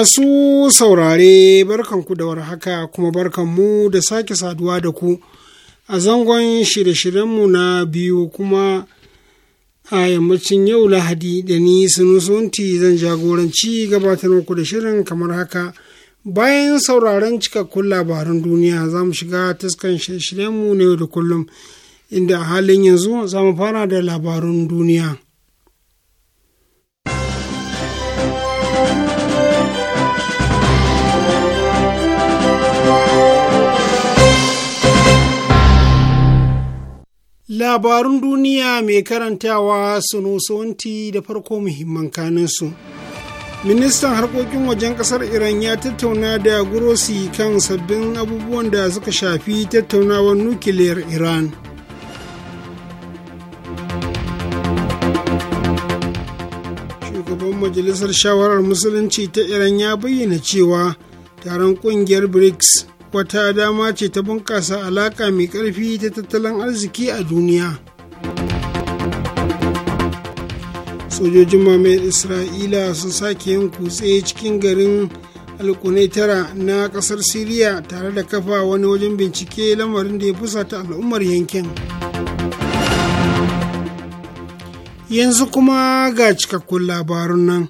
Masu saurare barkanku da warhaka kuma barkanmu da sake saduwa da ku a zangon shirye-shiryenmu na biyu kuma a yammacin yau lahadi da ni sunusunti zan jagoranci gabatar muku da shirin kamar haka bayan sauraron cikakkun labaran duniya za mu shiga taskan shirye-shiryenmu na yau da kullum inda a halin yanzu za mu fara da labarun duniya. Labarun duniya mai karantawa sunusunti da farko muhimman kaninsu. Ministan harkokin wajen kasar Iran ya tattauna da Gurosi kan sabbin abubuwan da suka shafi tattaunawar nukiliyar Iran. Shugaban Majalisar Shawarar Musulunci ta Iran ya bayyana cewa taron kungiyar BRICS wata dama ce ta bunƙasa alaƙa mai ƙarfi ta tattalin arziki a duniya sojojin mamayar isra'ila sun sake yin kutse cikin garin alkunai tara na ƙasar siriya tare da kafa wani wajen bincike lamarin da ya fusata al'ummar yankin yanzu kuma ga cikakkun labarun nan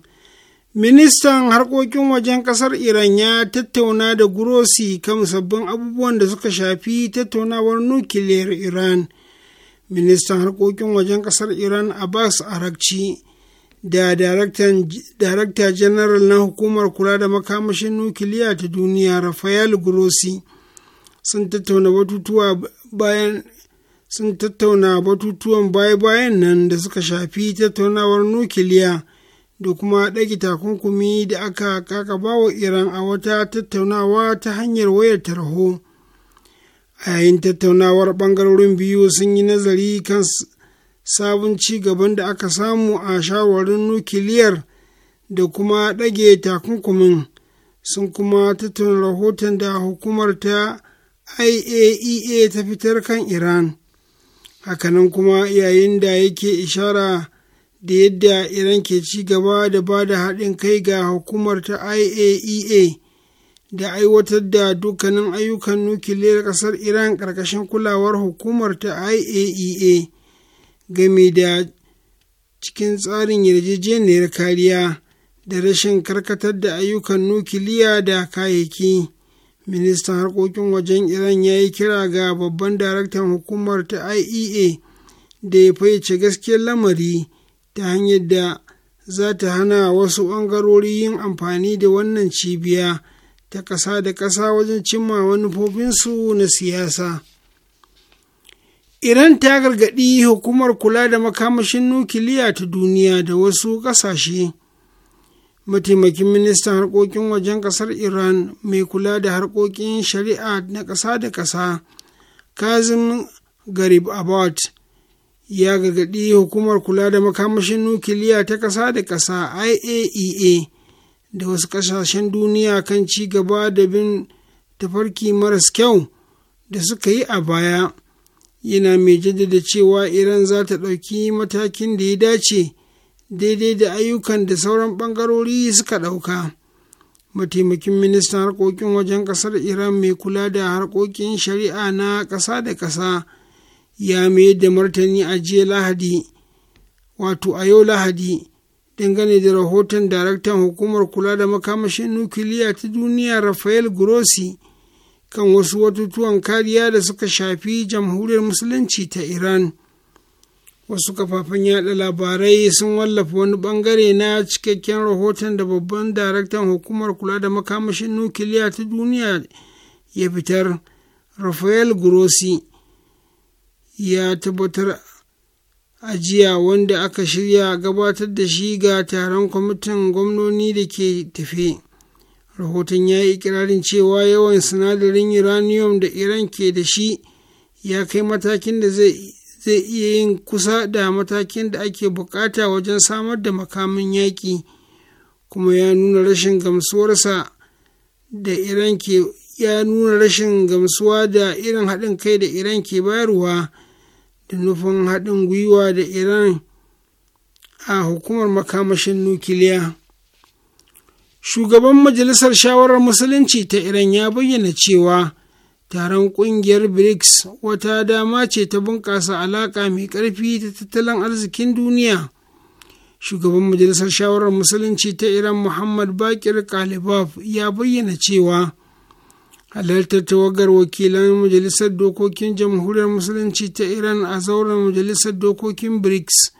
Ministan harkokin wajen ƙasar Iran ya tattauna da Gurosi kan sabbin abubuwan da suka shafi tattaunawar nukiliyar Iran. Ministan harkokin wajen ƙasar Iran Abbas Arakci da Darakta General na Hukumar Kula da Makamashin Nukiliya ta Duniya Rafael Gurosi sun tattauna batutuwa bayan sun tattauna batutuwan baya-bayan nan da suka shafi tattaunawar nukiliya. da kuma ɗage takunkumi da aka kakaba wa Iran a wata tattaunawa ta hanyar wayar tarho. A yayin tattaunawar ɓangarorin biyu sun yi nazari kan sabon cigaban gaban da aka samu a shawarin nukiliyar da kuma ɗage takunkumin sun kuma tattauna rahoton da hukumar ta IAEA e ta fitar kan Iran. Hakanan kuma yayin da yake ishara da yadda iran ke ci gaba da ba da haɗin kai ga hukumar ta iaea e da aiwatar da dukkanin ayyukan nukiliyar ƙasar iran ƙarƙashin kulawar hukumar ta iaea e game da cikin tsarin yarjejeniyar kariya da rashin karkatar da ayyukan nukiliya da kayayyaki ministan harkokin wajen iran ya yi kira ga babban daraktan hukumar ta iea e da ya fayyace gaskiyar lamari ta hanyar da za ta hana wasu ɓangarori yin amfani da wannan cibiya ta ƙasa da ƙasa wajen cimma manufofinsu na siyasa. Iran ta gargaɗi hukumar kula da makamashin nukiliya ta duniya da wasu ƙasashe. Mataimakin ministan harkokin wajen ƙasar Iran mai kula da harkokin shari'a na ƙasa da ƙasa, Kazim Garib Abad. ya gargaɗi hukumar kula da makamashin nukiliya ta ƙasa da ƙasa iaea e da wasu ƙasashen duniya kan ci gaba da bin tafarki maras kyau da suka yi a baya yana mai jaddada cewa iran za ta ɗauki matakin da ya dace daidai da ayyukan da sauran ɓangarori suka ɗauka mataimakin ministan harkokin wajen ƙasar iran mai kula da harkokin shari'a na ƙasa da ƙasa ya mayar da martani a jiya lahadi wato a yau lahadi dangane da rahoton daraktan hukumar kula da makamashin nukiliya ta duniya rafael grossi kan wasu watutuwan kariya da suka shafi jamhuriyar musulunci ta iran wasu kafafen yada labarai sun wallafa wani bangare na cikakken rahoton da babban daraktan hukumar kula da makamashin nukiliya ta duniya ya fitar rafael grossi ya tabbatar ajiya wanda aka shirya gabatar da shi ga taron kwamitin gwamnoni da ke tafe rahoton ya yi ikirarin cewa yawan sinadarin uranium da iran ke da shi ya kai matakin da zai iya yin kusa da matakin da ake bukata wajen samar da makamin yaƙi kuma ya nuna rashin gamsuwarsa da iran ke ya nuna rashin gamsuwa da irin haɗin kai da iran ke bayarwa da nufin haɗin gwiwa da iran a hukumar makamashin nukiliya shugaban majalisar shawarar musulunci ta iran ya bayyana cewa taron ƙungiyar brics wata dama ce ta bunƙasa alaƙa mai ƙarfi ta tattalin arzikin duniya shugaban majalisar shawarar musulunci ta iran muhammad bakir kalibaf ya bayyana cewa halartar tawagar wakilan majalisar dokokin jamhuriyar musulunci ta iran a zauren majalisar dokokin brics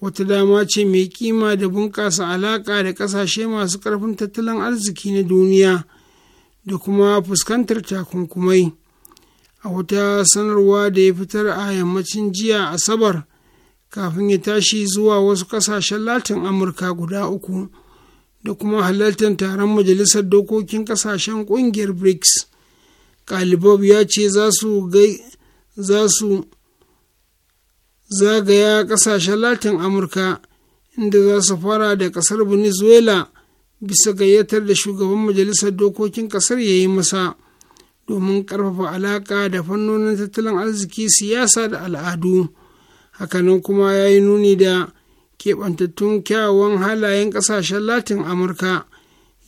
wata dama ce mai kima da bunƙasa alaƙa da ƙasashe masu ƙarfin tattalin arziki na duniya da kuma fuskantar takunkumai a wata sanarwa da ya fitar a yammacin jiya asabar kafin ya tashi zuwa wasu ƙasashen latin amurka guda uku. da kuma halartar taron majalisar dokokin kasashen ƙungiyar brics kalibob ya ce za su zagaya kasashen latin amurka inda za su fara da kasar venezuela bisa gayyatar da shugaban majalisar dokokin kasar ya yi masa domin ƙarfafa alaƙa da fannonin tattalin arziki siyasa da al'adu hakanan kuma ya yi nuni da keɓantattun kyawawan halayen ƙasashen latin amurka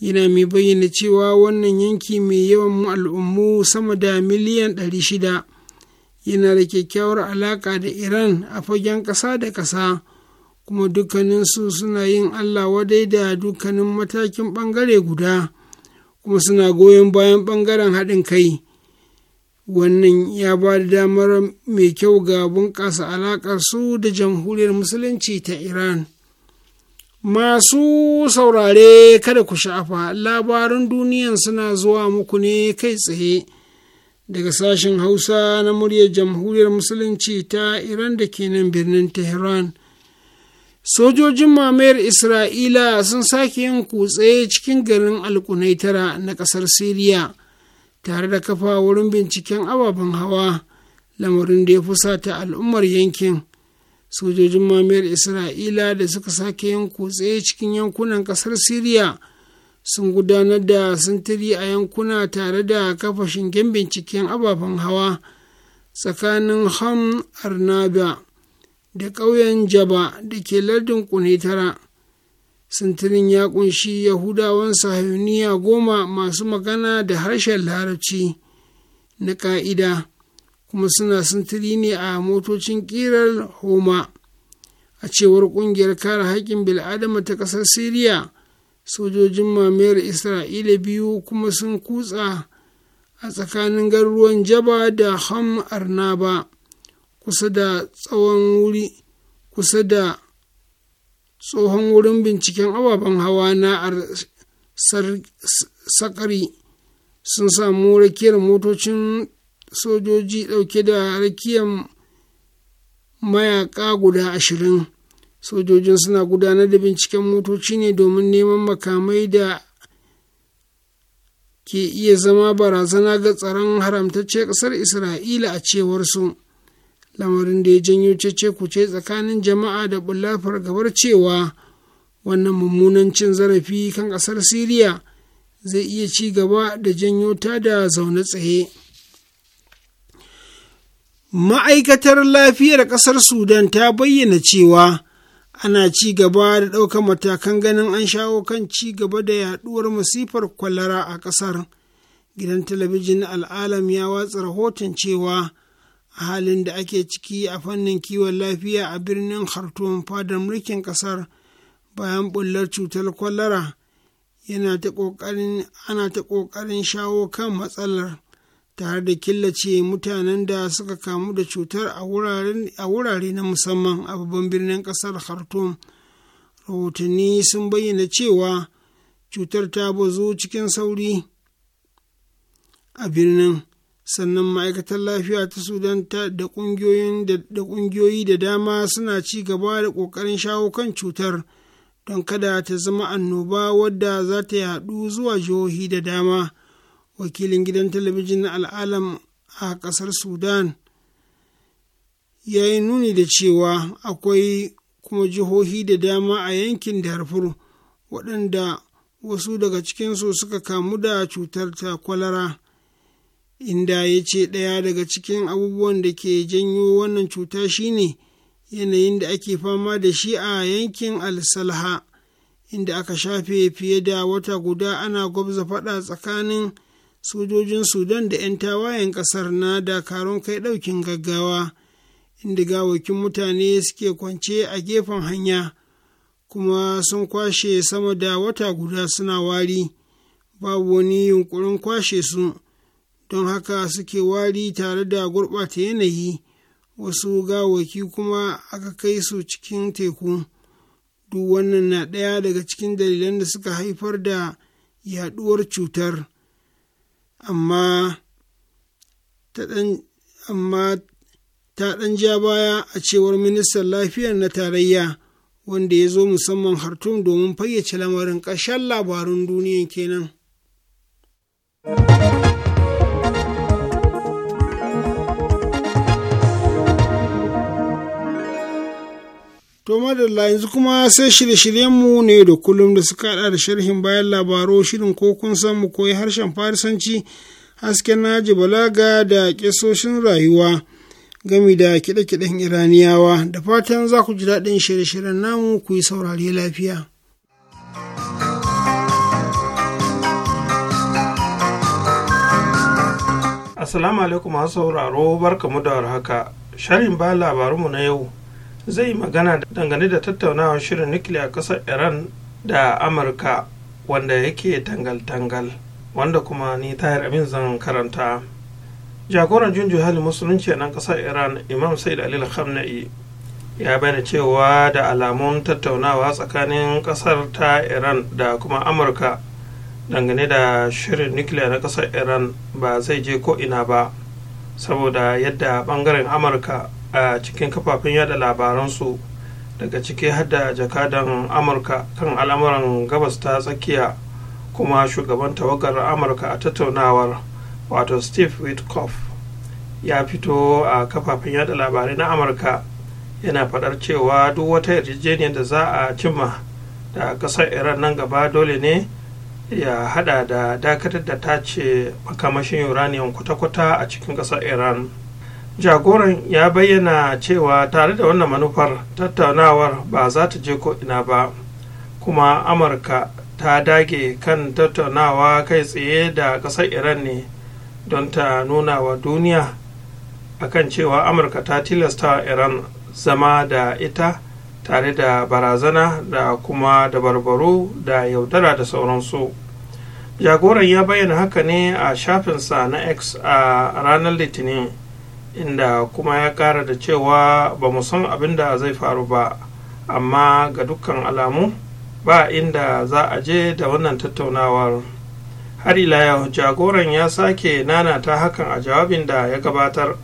yana mai bayyana cewa wannan yanki mai yawan al'ummu sama da miliyan 600 yana da kyakkyawar alaƙa da iran a fagen ƙasa da ƙasa kuma dukkaninsu suna yin allah wadai da dukkanin matakin ɓangare guda kuma suna goyon bayan ɓangaren haɗin kai wannan ya ba da damar mai kyau ga bunƙasa alaƙar su da jamhuriyar musulunci ta iran masu saurare kada ku sha'afa labarin duniyan suna zuwa muku ne kai tsaye daga sashen hausa na muryar jamhuriyar musulunci ta iran da ke nan birnin tehran sojojin mamayar isra'ila sun sake yin kutse cikin garin alkunaitara na ƙasar siriya tare da kafa wurin binciken ababen hawa lamarin da ya fusata al'ummar yankin sojojin mamayar isra'ila da suka sake yin kutse cikin yankunan kasar siriya sun gudanar da sintiri a yankuna tare da kafa shingen binciken ababen hawa tsakanin ham arnaba da ƙauyen jaba da ke lardin kunetara sintirin ya kunshi yahudawan sahiyoniya goma masu magana da harshen larabci na ka'ida kuma suna sintiri ne a motocin kirar homa a cewar kungiyar kare haƙƙin bil'adama ta ƙasar siriya sojojin mamayar isra'ila biyu kuma sun kutsa a tsakanin garuruwan jaba da ham arnaba kusa da tsawon wuri kusa da tsohon wurin binciken ababen hawa na sakari sun samu rakiyar motocin sojoji ɗauke da rakiyar mayaka guda ashirin sojojin suna gudanar da binciken motoci ne domin neman makamai da ke iya zama barazana ga tsaron haramtacce ƙasar isra'ila a cewar su lamarin da ya janyo cece kuce tsakanin jama'a da bullafar gabar cewa wannan mummunan cin zarafi kan ƙasar siriya zai iya ci gaba da janyo ta da zaune tsaye ma'aikatar lafiyar ƙasar sudan ta bayyana cewa ana ci gaba da ɗaukar matakan ganin an shawo kan ci gaba da yaɗuwar masifar kwalara a ƙasar gidan talabijin al'alam ya watsa rahoton cewa a halin da ake ciki a fannin kiwon lafiya a birnin khartoum fadar mulkin kasar bayan bullar cutar kwallara yana ta ƙoƙarin ana ta ƙoƙarin shawo kan matsalar tare da killace mutanen da suka kamu da cutar a wurare na musamman a babban birnin kasar khartoum rahotanni sun bayyana cewa cutar ta bazu cikin sauri a birnin sannan ma'aikatar lafiya ta sudan da ƙungiyoyi da dama suna ci gaba da ƙoƙarin shawo kan cutar don kada ta zama annoba wadda za ta yaɗu zuwa jihohi da dama wakilin gidan talabijin na al'alam a ƙasar sudan ya yi nuni da cewa akwai kuma jihohi da dama a yankin da darfur waɗanda wasu daga cikinsu suka kamu da cutar ta kwalara inda ya ce ɗaya daga cikin abubuwan da ke janyo wannan cuta shine yanayin da ake fama da shi a yankin alsalha inda aka shafe fiye da wata guda ana gwabza faɗa tsakanin sojojin sudan da 'yan tawayen ƙasar na dakarun kai ɗaukin gaggawa inda gawakin mutane suke kwance a gefen hanya kuma sun kwashe sama da wata guda suna wari babu wani yunkurin kwashe su don haka suke wari tare da gurɓata yanayi wasu gawaki kuma aka kai su cikin teku duk wannan na ɗaya daga cikin dalilan da suka haifar da yaɗuwar cutar amma ta ɗan ja baya a cewar ministan lafiyar na tarayya wanda ya zo musamman hartum domin fayyace lamarin ƙarshen labarun duniya kenan. To madalla yanzu kuma sai shirye-shiryenmu ne da kullum da suka hada da sharhin bayan labaro shirin ko kun san mu koyi harshen farisanci hasken naji balaga da kesoshin rayuwa gami da kiɗe-kiɗen iraniyawa da fatan za ku ji daɗin shirye-shiryen namu ku yi saurari lafiya. Assalamu alaikum masu sauraro barkamu da warhaka. Sharhin bayan labarunmu na yau zai yi magana dangane da tattaunawa shirin nukiliya kasar iran da amurka wanda yake tangal-tangal wanda kuma ni tahir amin zan karanta jagoran junju hali musulunci a nan kasar iran imam said alil khamna'i ya bayyana cewa da alamun tattaunawa tsakanin kasar ta iran da kuma amurka dangane da shirin nukiliya na kasar iran ba zai je ko'ina ba saboda yadda bangaren amurka a cikin kafafen yada labaransu daga ciki hada jakadan amurka kan al'amuran gabas ta tsakiya kuma shugaban tawagar amurka a tattaunawar wato steve witkoff ya fito a kafafen yada labarai na amurka yana faɗar cewa duk wata yarjejeniyar da za a cimma da kasar iran nan gaba dole ne ya hada da dakatar da tace makamashin uranium kwata-kwata a cikin ƙasar iran jagoran ya bayyana cewa tare da wannan manufar tattaunawar ba za ta je ko'ina ba kuma amurka ta dage kan tattaunawa kai tsaye da ƙasar iran ne don ta nuna wa duniya akan cewa amurka ta tilasta iran zama da ita tare da barazana da kuma dabarbaru da yaudara da sauransu jagoran ya bayyana haka ne a shafinsa na x a ranar litinin inda kuma ya kara da cewa ba mu san abin da zai faru ba amma ga dukkan alamu ba inda za a je da wannan tattaunawar har ila yau jagoran ya sake nana ta hakan a jawabin da ya gabatar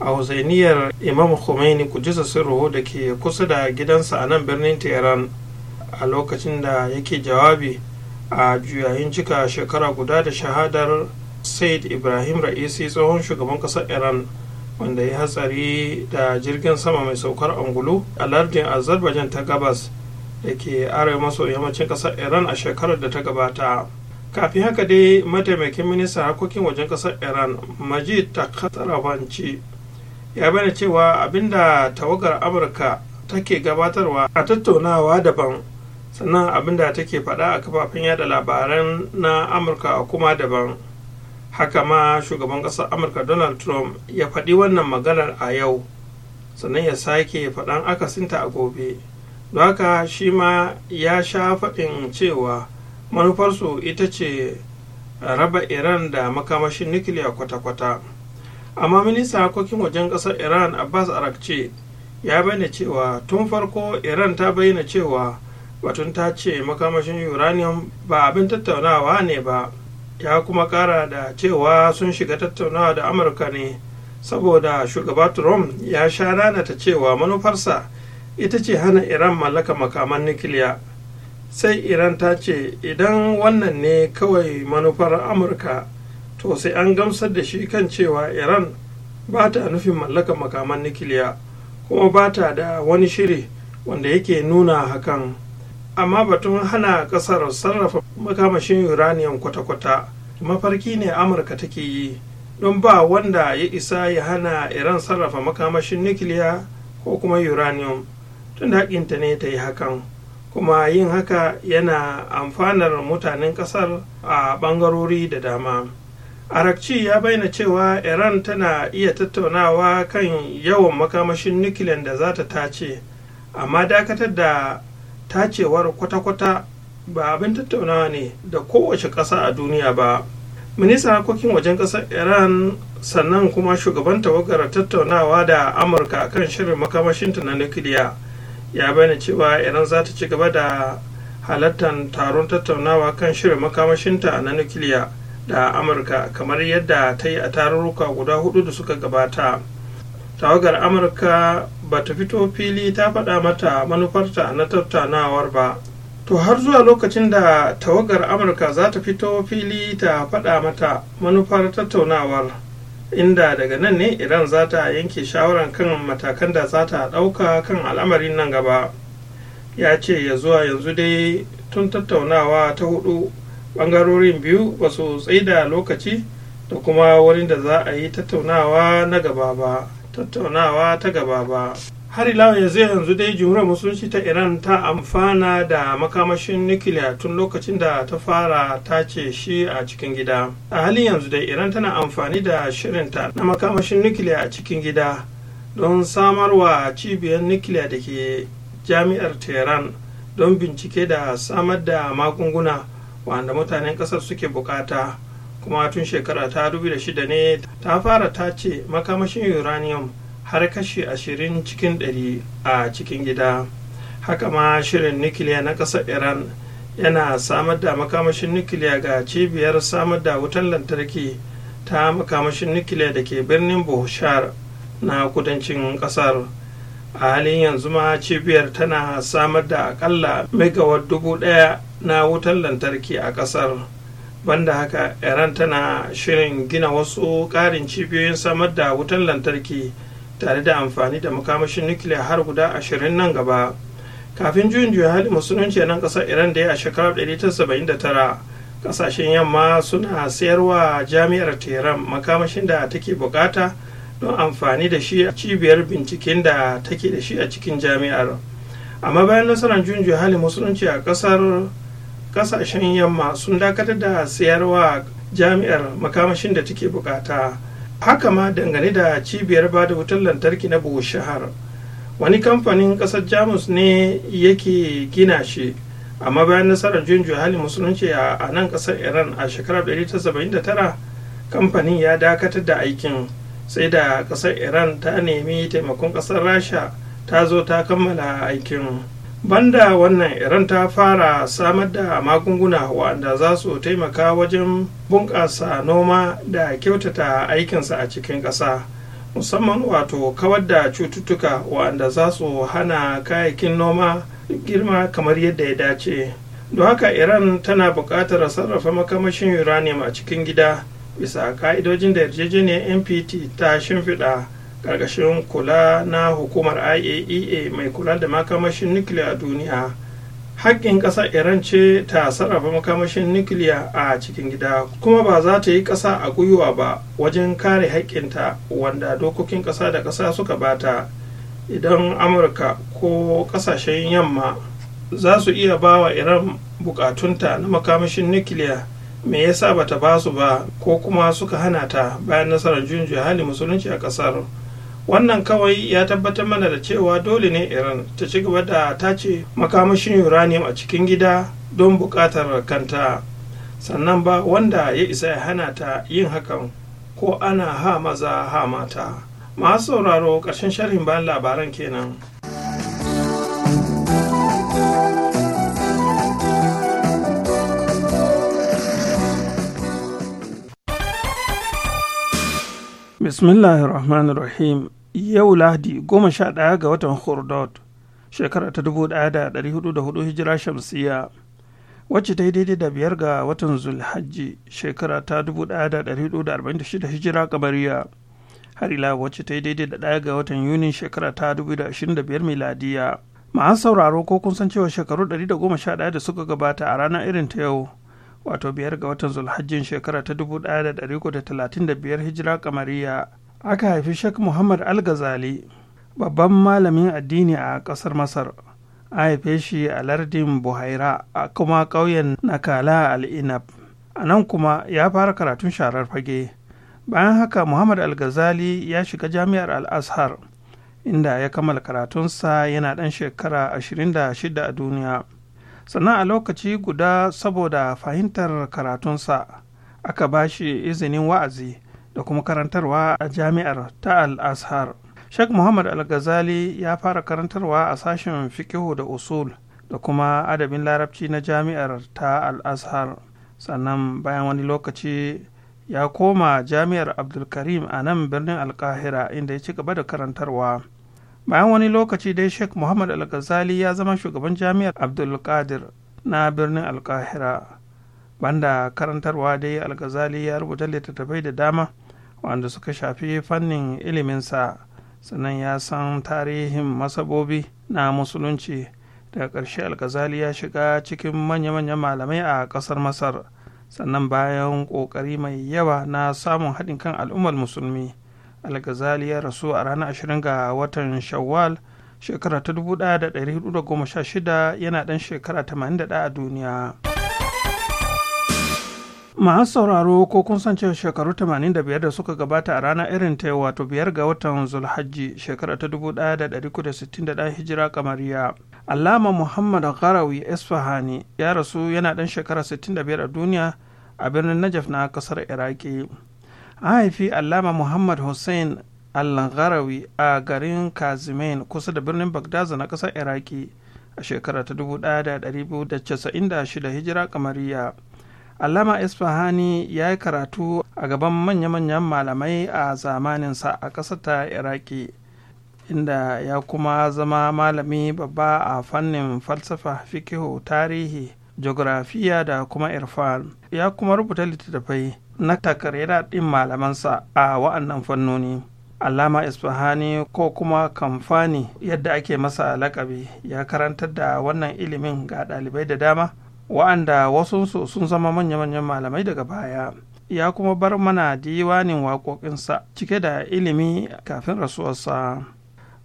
a hussainiyar imam khomeini jisa sirruhu da ke kusa da gidansa a nan birnin tehran a lokacin da yake jawabi a juyayin cika shekara guda da shahadar said ibrahim ra'isi tsohon shugaban ƙasar iran wanda ya hatsari da jirgin sama mai saukar angulu a lardin azerbaijan ta gabas da ke arewa maso yammacin kasar iran a shekarar da ta gabata kafin haka dai mataimakin ministan harkokin wajen kasar iran majid takatarabanci ya bayyana cewa abinda tawagar amurka take gabatarwa a tattaunawa daban sannan abinda take faɗa a kafafen yada labaran na amurka kuma daban haka ma shugaban ƙasar amurka donald trump ya faɗi wannan maganar a yau sannan ya sake faɗan akasinta a gobe don haka shi ma ya sha faɗin cewa manufarsu ita ce raba iran da makamashin nukiliya kwata-kwata amma ministan harkokin wajen ƙasar iran abbas arakce ya bayyana cewa tun farko iran ta bayyana cewa batun ta ce makamashin uranium ba abin tattaunawa ne ba ya kuma kara da cewa sun shiga tattaunawa da amurka ne saboda shugaba trump ya sha ta cewa manufarsa ita ce hana iran mallaka makaman nukiliya sai iran ta ce idan wannan ne kawai manufar amurka to sai an gamsar da shi kan cewa iran ba ta nufin mallaka makaman nukiliya kuma ba ta da wani shiri wanda yake nuna hakan. amma batun hana kasar sarrafa makamashin uranium kwata-kwata mafarki ne amurka take yi don ba wanda ya isa ya hana iran sarrafa makamashin nukiliya ko kuma uranium tun haƙinta ne ta yi hakan kuma yin haka yana amfanar mutanen kasar a ɓangarori da dama arakci ya bayyana cewa iran tana iya tattaunawa kan yawan makamashin nukiliyan da za ta tace amma dakatar da ta cewar kwata-kwata ba abin tattaunawa ne da kowace ƙasa a duniya ba ministan harkokin wajen ƙasar iran sannan kuma shugaban tawagar tattaunawa da amurka kan shirin makamashinta na nukiliya ya bayyana cewa iran za ta ci gaba da halartar taron tattaunawa kan shirin makamashinta na nukiliya da amurka kamar yadda ta yi a tarurruka guda hudu da suka gabata tawagar amurka ba ta fito fili ta faɗa mata manufarta na tattaunawar ba to har zuwa lokacin da tawagar amurka za ta fito fili ta faɗa mata manufar tattaunawar inda daga nan ne iran za ta yanke shawaran kan matakan da za ta ɗauka kan al'amarin nan gaba ya ce ya zuwa yanzu dai tun tattaunawa ta hudu ɓangarorin biyu ba su tsaida lokaci da kuma wurin da za a yi tattaunawa na gaba ba tattaunawa ta gaba ba har ila yanzu yanzu dai jumhuriyar musulunci ta iran ta amfana da makamashin nukiliya tun lokacin da ta fara ta ce shi a cikin gida a halin yanzu dai iran tana amfani da shirinta na makamashin nukiliya a cikin gida don samarwa cibiyar nukiliya da ke jami'ar tehran don bincike da samar da magunguna wanda mutanen ƙasar suke bukata kuma tun shekara ta shida ne ta fara ta ce makamashin uranium har kashi ashirin cikin 100 a cikin gida haka ma shirin nukiliya na ƙasar iran yana samar da makamashin nukiliya ga cibiyar samar da wutan lantarki ta makamashin nukiliya da ke birnin bohushar na kudancin ƙasar a halin yanzu ma cibiyar tana samar da akalla megawatt dubu ɗaya na wutan lantarki a ƙasar banda haka iran tana shirin gina wasu ƙarin cibiyoyin samar da wutan lantarki tare da amfani da makamashin nukiliya har guda ashirin nan gaba kafin juyin juyin hali musulunci nan ƙasar iran da ya a shekarar 1979 ƙasashen yamma suna sayarwa jami'ar tehran makamashin da take bukata don amfani da shi a cibiyar binciken da take da shi a cikin jami'ar amma bayan nasarar juyin juyin hali musulunci a ƙasar kasashen yamma sun dakatar da sayarwa jami'ar makamashin da take bukata haka ma dangane da cibiyar ba da wutar lantarki na shahar wani kamfanin kasar jamus ne yake gina shi amma bayan nasarar juyin halin musulunci a nan kasar iran a shekarar 1979 kamfanin ya dakatar da aikin sai da kasar iran ta nemi taimakon kasar rasha ta zo ta kammala aikin banda wannan iran ta fara samar da magunguna waɗanda za su taimaka wajen bunƙasa noma da kyautata aikinsa a cikin ƙasa musamman wato kawar da cututtuka waɗanda za su hana kayayyakin noma girma kamar yadda ya dace don haka iran tana buƙatar sarrafa makamashin uranium a cikin gida bisa ka'idojin da yarjejeniyar npt ta shimfiɗa ƙarƙashin kula na hukumar iaea e mai kula da makamashin nukiliya a duniya haƙƙin ƙasa iran ce ta sarrafa makamashin nukiliya a cikin gida kuma ba za ta yi ƙasa a gwiwa ba wajen kare haƙƙinta wanda dokokin ƙasa da ƙasa suka bata idan amurka ko ƙasashen yamma za su iya ba wa iran buƙatunta na makamashin nukiliya me yasa bata ba su ba ko kuma suka hana ta bayan nasarar juyin hali musulunci a ƙasar wannan kawai ya tabbatar mana da cewa dole ne iran ta ci gaba da ce makamashin uranium a cikin gida don buƙatar kanta sannan ba wanda ya isa ya hana ta yin hakan ko ana ha maza ha mata masu sauraro ƙarshen sharhin bayan labaran kenan. bismillahir rahim yau lahadi goma sha ɗaya ga watan hurdot shekara ta dubu ɗaya da ɗari hudu da hudu hijira shamsiya wacce ta yi daidai da biyar ga watan zulhajji shekara ta dubu ɗaya da ɗari hudu da arba'in da shida hijira kamariya har ila wacce ta yi daidai da ɗaya ga watan yunin shekara ta dubu da ashirin da biyar miladiya an sauraro ko kun san cewa shekaru ɗari da goma sha ɗaya da suka gabata a ranar irin ta yau wato biyar ga watan zulhajjin shekara ta dubu ɗaya da ɗari da talatin da biyar hijira kamariya aka haifi Sheikh Muhammad Al-Ghazali babban malamin addini a ƙasar Masar. A haife shi a lardin Buhaira a kuma ƙauyen Nakala Al-Inab. A nan kuma ya fara karatun sharar fage. Bayan haka Muhammad Al-Ghazali ya shiga jami'ar Al-Azhar inda ya kammala karatunsa yana ɗan shekara 26 a duniya. Sannan a lokaci guda saboda fahimtar karatunsa aka ba shi izinin wa'azi. da kuma karantarwa a jami'ar ta al-azhar sheikh muhammad al-ghazali ya fara karantarwa a sashen fikihu da usul da kuma adabin larabci na jami'ar ta al-azhar sannan bayan wani lokaci ya koma jami'ar abdulkarim a nan birnin alkahira inda ya ci gaba da karantarwa bayan wani lokaci dai sheikh muhammad al-ghazali ya zama shugaban jami'ar abdulkadir na birnin alkahira banda karantarwa dai al-ghazali ya rubuta littattafai da dama wanda suka shafi fannin iliminsa sannan ya san tarihin masabobi na musulunci daga ƙarshe alkazali ya shiga cikin manya-manyan malamai a ƙasar masar sannan bayan ƙoƙari mai yawa na samun haɗin kan al'ummar musulmi alkazali ya rasu a ranar 20 ga watan shawwal shekara ta shida yana ɗan shekara 81 a duniya. masu sauraro ko kun san cewa shekaru 85 da suka gabata a ranar irin ta wato biyar ga watan zulhajji shekara ta 1961 hijira kamariya allama muhammad gharawi isfahani ya rasu yana dan shekara 65 a duniya a birnin najaf na kasar iraki an haifi allama muhammad hussein al-gharawi a garin kazimain kusa da birnin bagdaza na kasar iraki a shekara ta 1296 hijira kamariya Allama Isfahani ya yi karatu a gaban manya-manyan malamai a zamaninsa a ƙasar ta Iraki, inda ya kuma zama malami babba a fannin falsafa, fikihu, tarihi, geografiya da kuma irfan. Ya kuma rubuta littattafai na takarira ɗin malamansa a wa'annan fannoni. Allama Isfahani ko kuma kamfani yadda ake masa lakabi ya karantar da wannan ilimin ga ɗalibai da dama. wa'anda wasunsu sun zama manya-manyan malamai daga baya ya kuma bar mana diwanin waƙoƙinsa cike da ilimi kafin rasuwarsa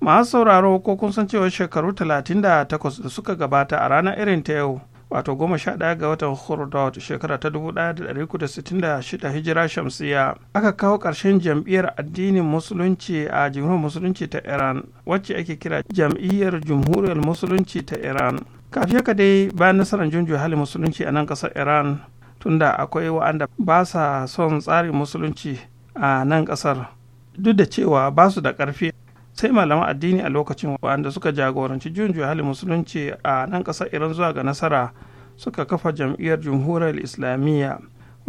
masu sauraro ko kun san cewa shekaru 38 da suka gabata a ranar irin ta yau wato 11 ga watan hurdot shekara ta 1966 hijira shamsiya aka kawo ƙarshen jam'iyyar addinin musulunci a jamhuriyar musulunci ta iran wacce ake kira jam'iyyar jamhuriyar musulunci ta iran kafi ka dai bayan nasarar junju hali musulunci a nan ƙasar iran tunda akwai wa'anda ba sa son tsarin musulunci a nan ƙasar duk da cewa ba su da ƙarfi sai malaman addini a lokacin wa'anda suka jagoranci junju hali musulunci a nan ƙasar iran zuwa ga nasara suka kafa jam'iyyar jamhuriyar islamiyya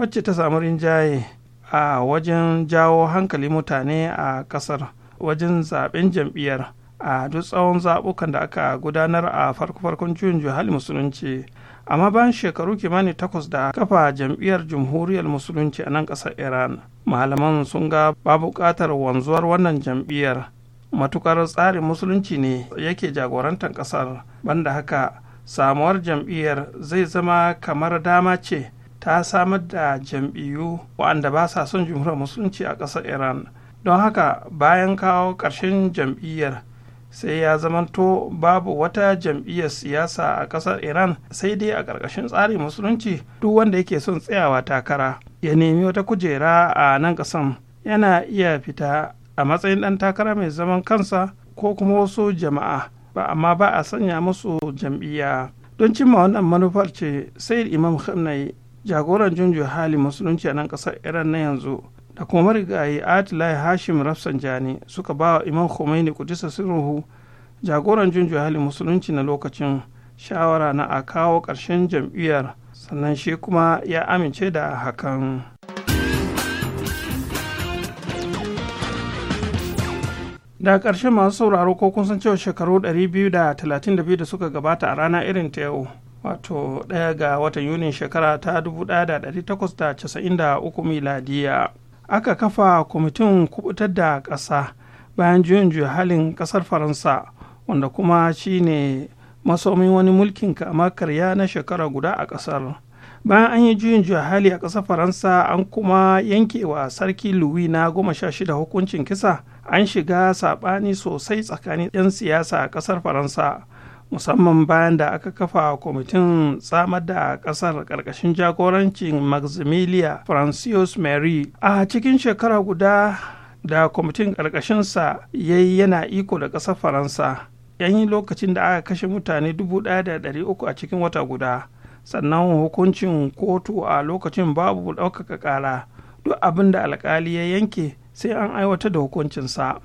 wacce ta samu rinjaye a wajen jawo hankali mutane a ƙasar wajen zaben jam'iyyar a duk tsawon zaɓukan da aka gudanar a farko-farkon juyin juhali musulunci amma bayan shekaru kimanin takwas da kafa jam'iyyar jamhuriyar musulunci a nan ƙasar iran malaman sun ga ba buƙatar wanzuwar wannan jam'iyyar matukar tsarin musulunci ne yake jagorantar ƙasar banda haka samuwar jam'iyyar zai zama kamar dama ce ta samar da jam'iyyu waɗanda ba sa son jamhuriyar musulunci a ƙasar iran don haka bayan kawo ƙarshen jam'iyyar sai ya zamanto babu wata jam'iyyar siyasa a ƙasar iran sai dai a ƙarƙashin tsarin musulunci duk wanda yake son tsayawa takara ya nemi wata kujera a nan ƙasan yana iya fita a matsayin ɗan takara mai zaman kansa ko kuma wasu jama'a ba amma ba a sanya musu jam'iyya don cimma wannan manufar ce sai imam khamenei jagoran junju hali musulunci a nan ƙasar iran na yanzu da kuma marigayi adilai Hashim Rafsanjani suka ba wa Imam Khomeini kudisa sirruhu jagoran junjuya halin musulunci na lokacin shawara na a kawo ƙarshen jam'iyyar sannan shi kuma ya amince da hakan. da ƙarshe masu sauraro ko kun san cewa shekaru 232 da suka gabata a rana irin ta yau wato ɗaya ga watan yunin shekara ta 1893 miladiya aka kafa kwamitin kubutar da ƙasa bayan juyin juya halin ƙasar faransa wanda kuma shi ne masomin wani mulkin kama karya na shekara guda a ƙasar bayan an yi juyin juya hali a ƙasar faransa an kuma yankewa sarki louis na goma sha shida hukuncin kisa an shiga saɓani sosai tsakanin 'yan siyasa a ƙasar faransa musamman bayan da aka kafa kwamitin tsamar da kasar karkashin jagorancin maximilia francis mary a cikin shekara guda da kwamitin karkashinsa ya yi yana iko da ƙasar faransa yan yi lokacin da aka kashe mutane 1,300 a cikin wata guda sannan hukuncin kotu a lokacin babu ɗaukaka ƙara duk abin da alkali ya yanke sai an aiwata da hukuncinsa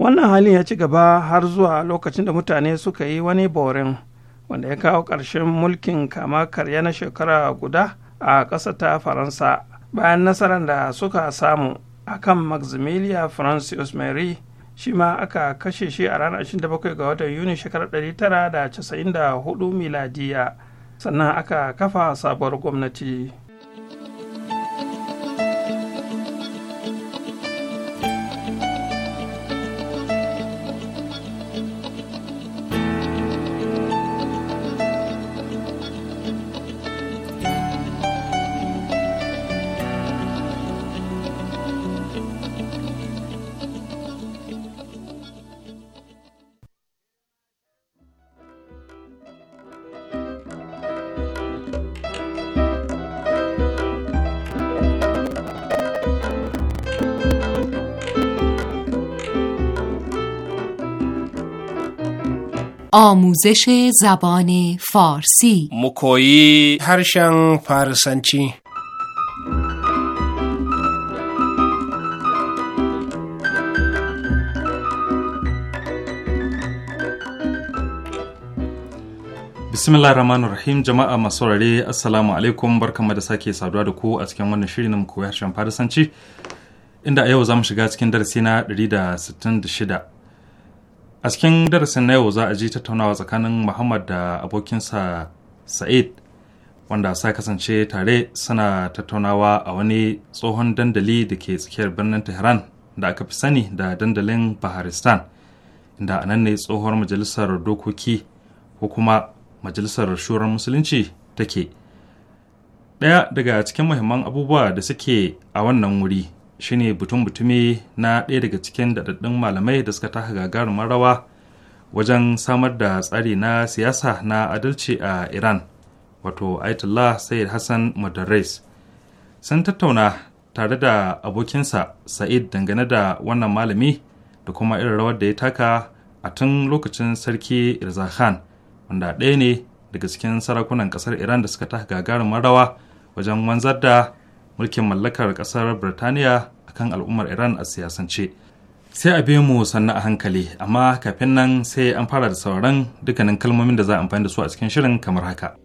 wannan halin ya ci gaba har zuwa lokacin da mutane suka yi wani borin wanda ya kawo ƙarshen mulkin kama karya na shekara guda a ƙasa ta faransa bayan nasarar da suka samu a kan maximilia francis mary shi ma aka kashe shi a ranar 27 ga watan yuni shekarar 1994 miladiya sannan aka kafa sabuwar gwamnati آموزش زبان فارسی مکویی هرشن فارسنچی bismillah rahman rahim jama'a masu saurare assalamu alaikum barkanmu da sake saduwa da ku a cikin wannan shiri mu koyi harshen farisanci inda a yau za mu shiga cikin darasi na da da shida. a cikin darasin na yau za a ji tattaunawa tsakanin muhammad da abokinsa sa'id wanda sa kasance tare suna tattaunawa a wani tsohon dandali da ke tsakiyar birnin tehran da aka fi sani da dandalin baharistan inda a nan ne tsohuwar majalisar dokoki ko kuma majalisar shuran musulunci take ɗaya daga cikin muhimman abubuwa da suke a wannan wuri shine butun-butumi na ɗaya daga cikin daɗaɗɗun malamai da suka taka gagarumin marawa wajen samar da tsari na siyasa na adalci a iran wato ayatollah sayyid hassan madaris sun tattauna tare da abokinsa sa'id dangane da wannan malami da kuma irin rawar da ya taka a tun lokacin sarki irza khan wanda ɗaya ne daga cikin sarakunan ƙasar iran da suka taka gagarumin marawa wajen wanzar da mulkin mallakar ƙasar Birtaniya akan al'ummar Iran a siyasance. Sai a mu sannu a hankali, amma kafin nan sai an fara da sauran dukkanin kalmomin da za a amfani da su a cikin shirin kamar haka.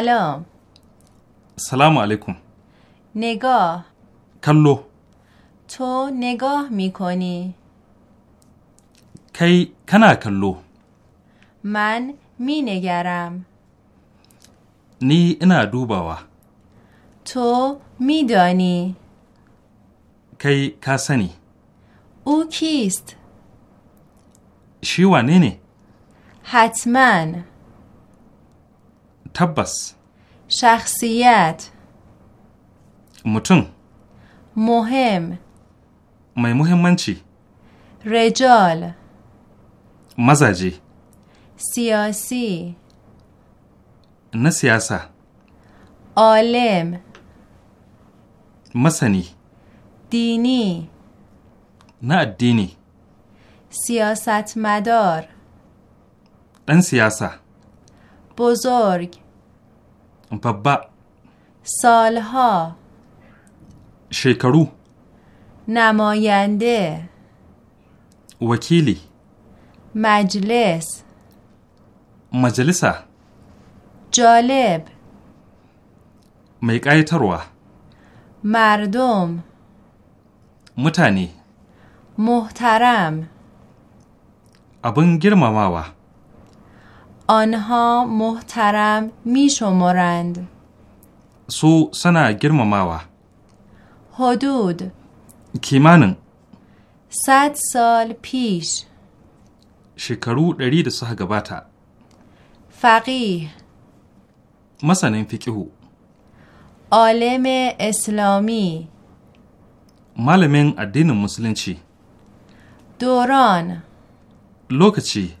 سلام سلام علیکم نگاه کلو تو نگاه میکنی کی کنا کلو من مینگرم نی انا دوباوا تو میدانی کی کاسنی او کیست شیوانینی نه حتماً تبس شخصیت متون مهم مای چی؟ رجال مزاجی سیاسی نه سیاسه عالم مسنی دینی نه دینی سیاست مدار ان سیاست بزرگ پبا سالها شکرو نماینده وکیلی مجلس مجلسه جالب میکای تروه مردم متنی محترم ابن گرمه آنها محترم می شمارند. سو سنا گرم ماوا حدود کیمانن صد سال پیش شکرو دری دا سه گباتا فقیه مثلا فقیه عالم اسلامی معلمین الدین مسلمچی دوران لوکچی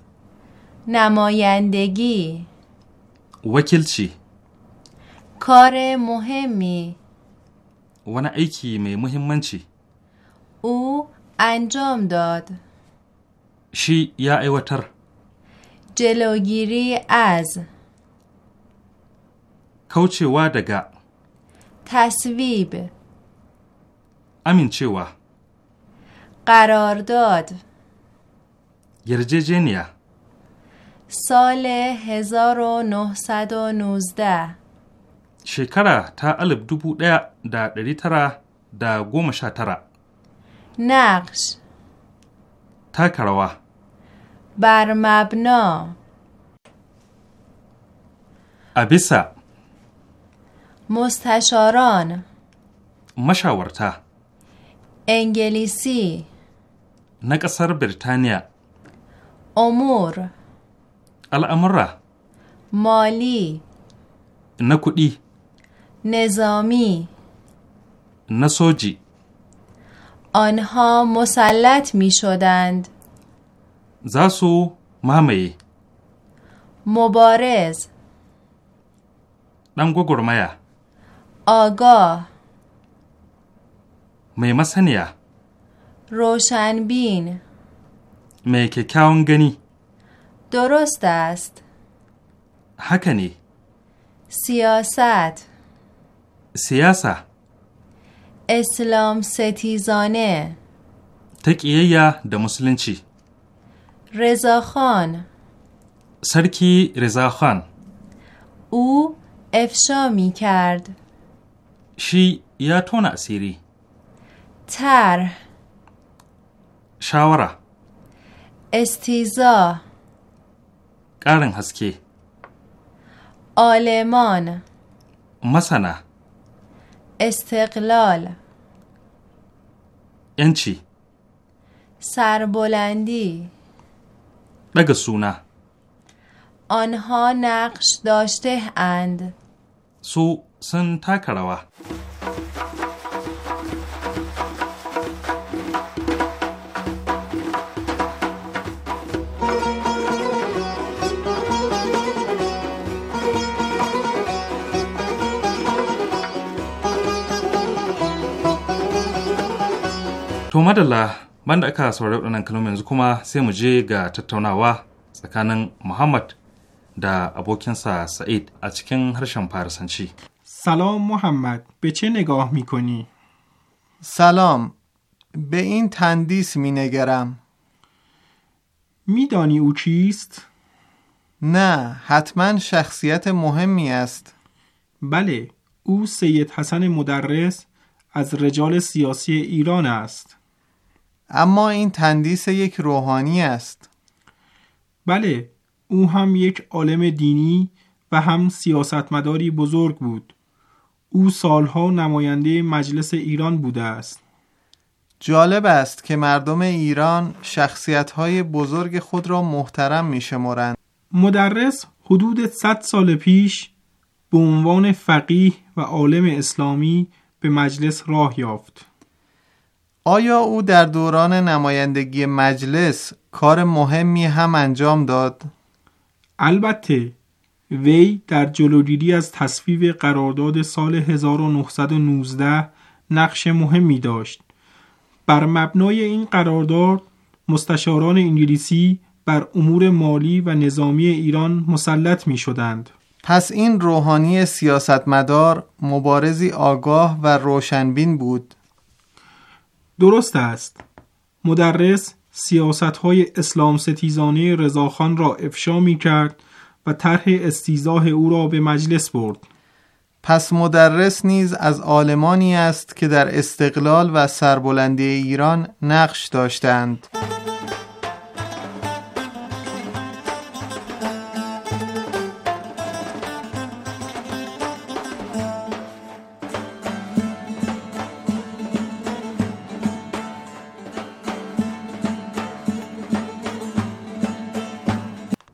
نمایندگی وکیلچی کار مهمی wani aiki mai muhimmanci. او انجام داد. شی یا ایوتر. جلوگیری از kaucewa daga تصویب amincewa قرارداد yarjejeniya سال 1919 شکره تا الف دوبو دیا دا دری ترا دا گوم شاترا نقش تا کروا بر مبنا ابیسا مستشاران مشاورتا انگلیسی نقصر بریتانیا امور الامره مالی نکودی نظامی نسوجی آنها مسلط می شدند زاسو مهمی مبارز دنگو گرمیا آگاه می مسنیا روشنبین می که گنی درست است حکنی سیاست سیاسه اسلام ستیزانه تکیه یا ده مسلنچی رضاخان سرکی خان او افشا می کرد شی یا تون اسیری تر شاوره استیزا هست هسکی آلمان مسنا استقلال انچی سربلندی بگه سونا آنها نقش داشته اند سو سن To madalla banda aka saurari waɗannan kalmomi yanzu kuma sai mu je ga tattaunawa tsakanin Muhammad da abokinsa Sa'id a cikin harshen Farisanci. Salam Muhammad, be چه نگاه mikoni? Salam, be به این تندیس می نگرم میدانی او چیست؟ نه حتما شخصیت مهمی است بله او سید حسن مدرس از رجال سیاسی ایران است اما این تندیس یک روحانی است بله او هم یک عالم دینی و هم سیاستمداری بزرگ بود او سالها نماینده مجلس ایران بوده است جالب است که مردم ایران شخصیت‌های بزرگ خود را محترم می‌شمارند. مدرس حدود 100 سال پیش به عنوان فقیه و عالم اسلامی به مجلس راه یافت. آیا او در دوران نمایندگی مجلس کار مهمی هم انجام داد؟ البته وی در جلوگیری از تصویب قرارداد سال 1919 نقش مهمی داشت بر مبنای این قرارداد مستشاران انگلیسی بر امور مالی و نظامی ایران مسلط می شدند. پس این روحانی سیاستمدار مبارزی آگاه و روشنبین بود درست است مدرس سیاست های اسلام ستیزانه رضاخان را افشا می کرد و طرح استیزاه او را به مجلس برد پس مدرس نیز از آلمانی است که در استقلال و سربلندی ایران نقش داشتند.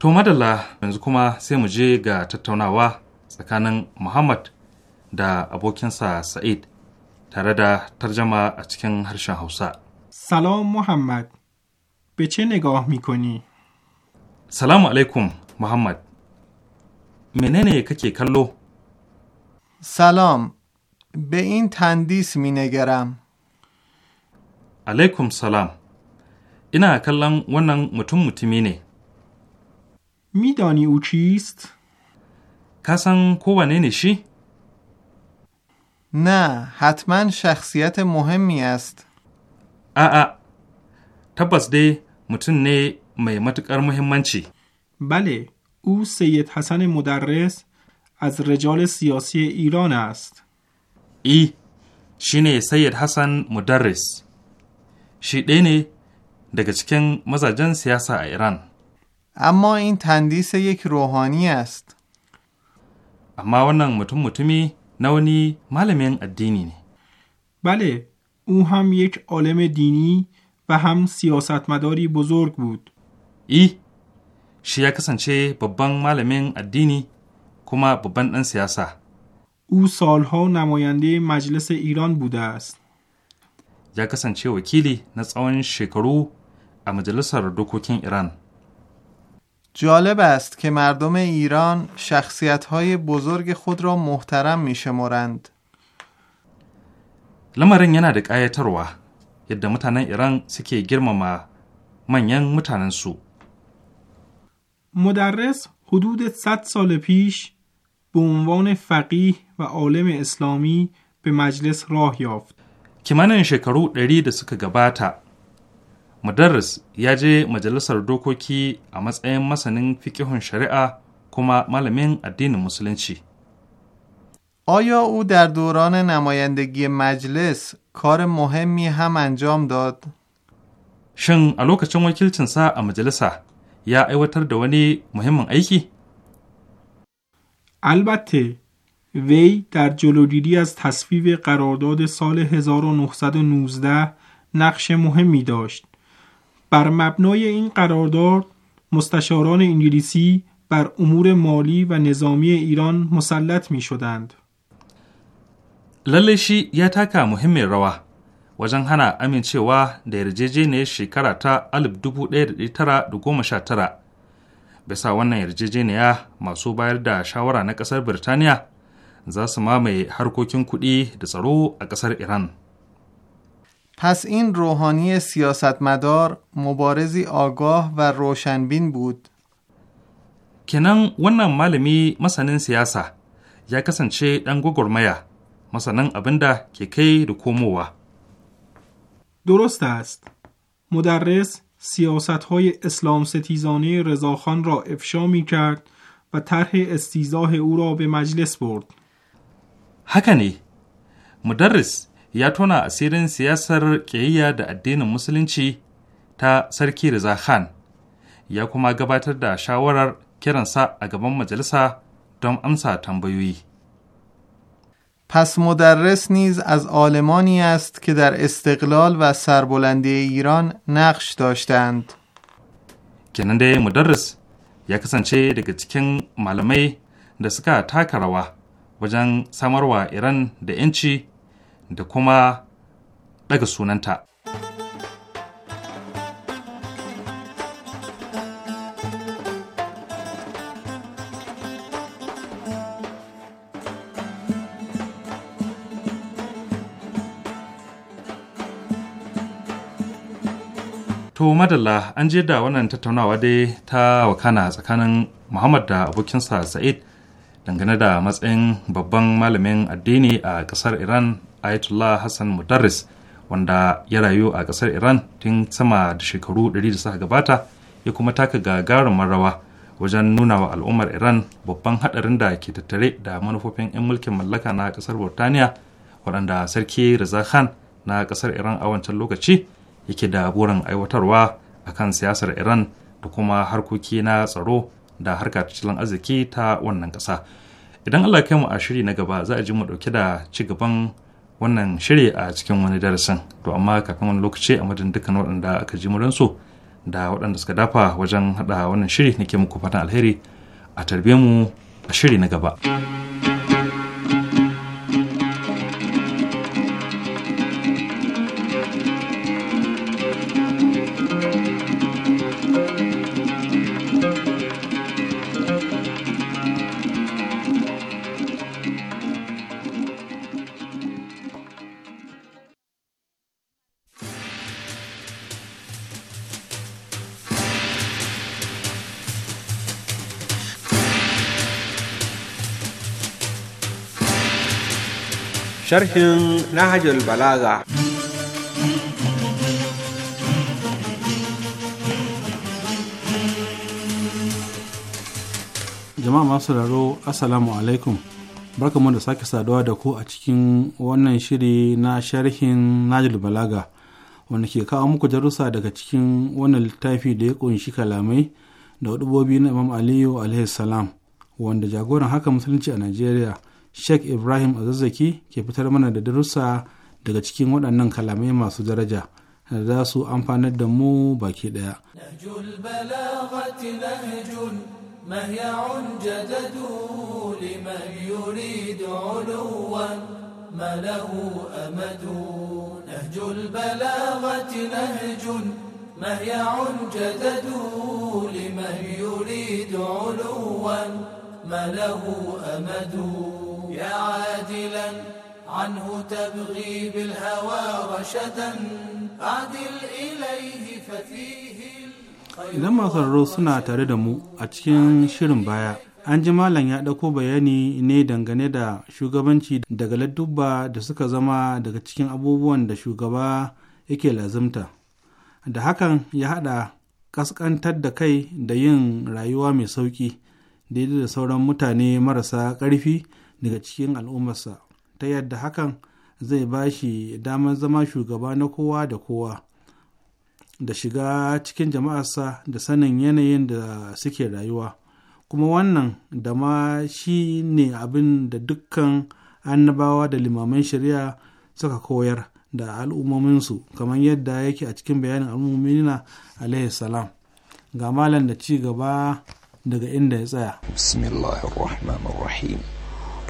To madalla yanzu kuma sai mu je ga tattaunawa tsakanin Muhammad da abokinsa Sa'id tare da tarjama a cikin harshen Hausa. Salam Muhammad, bece ne ga mikoni. Salamu alaikum Muhammad, menene kake kallo? Salam, be in tandis garam. Alaikum salam, ina kallon wannan mutum mutumi ne. میدانی او چیست؟ کسان کوبا نشی؟ نه حتما شخصیت مهمی است آ تبس ده متون نه می متقر مهمنچی بله او سید حسن مدرس از رجال سیاسی ایران است ای شینه سید حسن مدرس شی نه daga مزاجن سیاسا ایران. اما این تندیس یک روحانی است اما ونن متوم متومی نونی معلمین دینی. نه بله او هم یک عالم دینی و هم سیاستمداری بزرگ بود ای شی یا کسانچه ببان معلمین ادینی کما ببان دن سیاسا او سالها نماینده مجلس ایران بوده است یا کسانچه وکیلی نتساون شکرو ا مجلسر دوکوکین ایران جالب است که مردم ایران شخصیت‌های بزرگ خود را محترم می‌شمارند. lamarin yana da ƙayatarwa yadda mutanen Iran suke girmama manyan سو. مدرس حدود 100 سال پیش به عنوان فقیه و عالم اسلامی به مجلس راه یافت. kimanin shekaru 100 da suka gabata مدارس یادی مجلس رودوکویی اما این مساله نمیکه خنشه را که ما ملمین ادین آیا او در دوران نمایندگی مجلس کار مهمی هم انجام داد؟ شن علوقه چه میکرد چنسا ام مجلسه؟ یا ایوتر دوانی مهم ایکی؟ البته وی در جلوگیری از تصویب قرارداد سال 1992 نقش مهمی داشت. بر مبنای این قرارداد مستشاران انگلیسی بر امور مالی و نظامی ایران مسلط می شدند. lalle shi ya taka muhimmin rawa wajen hana amincewa da yarjejeniyar shekara ta 1919 bisa wannan yarjejeniya masu bayar da shawara na kasar birtaniya za su mamaye harkokin kuɗi da tsaro a kasar iran پس این روحانی سیاستمدار مبارزی آگاه و روشنبین بود kenan ونن malami معلمی سیاسا یا kasance ɗan gwagwarmaya masanin ابنده ابنده که کی درست است. مدرس سیاست های اسلام ستیزانه رضاخان را افشا می کرد و طرح استیزاه او را به مجلس برد. هکنی مدرس ya tona asirin siyasar ƙiyayya da addinin musulunci ta sarki da Khan ya kuma gabatar da shawarar kiransa a gaban majalisa don amsa tambayoyi. پس مدرس نیز از آلمانی است که در استقلال و سربلندی ایران نقش داشتند. کننده ya kasance daga cikin malamai da suka taka rawa wajen samarwa Iran da 'yanci da kuma daga sunanta. To madalla an je da wannan tattaunawa dai ta wakana tsakanin Muhammad da abokinsa Sa'id dangane da matsayin babban malamin addini a ƙasar Iran Ayatollah Hassan Mudarris wanda ya rayu a ƙasar Iran tun sama da shekaru 100 da suka gabata ya kuma taka gagarin Marawa wajen nuna wa al'ummar Iran babban haɗarin da ke tattare da manufofin 'yan mulkin mallaka na ƙasar Burtaniya waɗanda Sarki Reza Khan na ƙasar Iran a wancan lokaci yake da burin aiwatarwa a kan siyasar Iran da kuma harkoki na tsaro da harkar tattalin arziki ta wannan ƙasa. Idan Allah kai mu a shiri na gaba za a ji mu ɗauke da ci gaban wannan shiri a cikin wani darasin to amma kafin wani lokaci a madadin dukkan waɗanda aka ji muransu da waɗanda suka dafa wajen haɗa wannan shiri nake muku fatan alheri a tarbe mu a shiri na gaba. sharhin Nahajul Balaga. Jama'a masu raro Assalamu alaikum. Barkamu da sake saduwa da ku a cikin wannan shiri na sharhin Najul Balaga wanda ke kawo muku darussa daga cikin wannan littafi da ya kunshi kalamai da hudubobi na Imam Aliyu alaihi salam wanda jagoran haka musulunci a Najeriya sheikh ibrahim azazzaki ke fitar mana da darussa daga cikin waɗannan kalamai masu daraja da za su amfanar da mu baki ɗaya مهيع جدد لمن يريد علوا ما له أمد نهج يا عادلا عنه تبغي بالهوى رشدا عدل إليه ففيه Idan masu raro suna tare da mu a cikin shirin baya, an ji malam ya ɗauko bayani ne dangane da shugabanci daga ladduba da suka zama daga cikin abubuwan da shugaba yake lazimta. Da hakan ya haɗa ƙasƙantar da kai da yin rayuwa mai sauƙi, daidai da sauran mutane marasa ƙarfi daga cikin al'ummarsa ta yadda hakan zai ba shi damar zama shugaba na kowa da kowa da shiga cikin jama'arsa da sanin yanayin da suke rayuwa kuma wannan da ma shi ne abin da dukkan annabawa da limaman shari'a suka koyar da al'ummominsu kamar yadda yake a cikin bayanin al'ummomina alaihi salam ga malam da ci gaba daga inda ya tsaya bismillahir rahim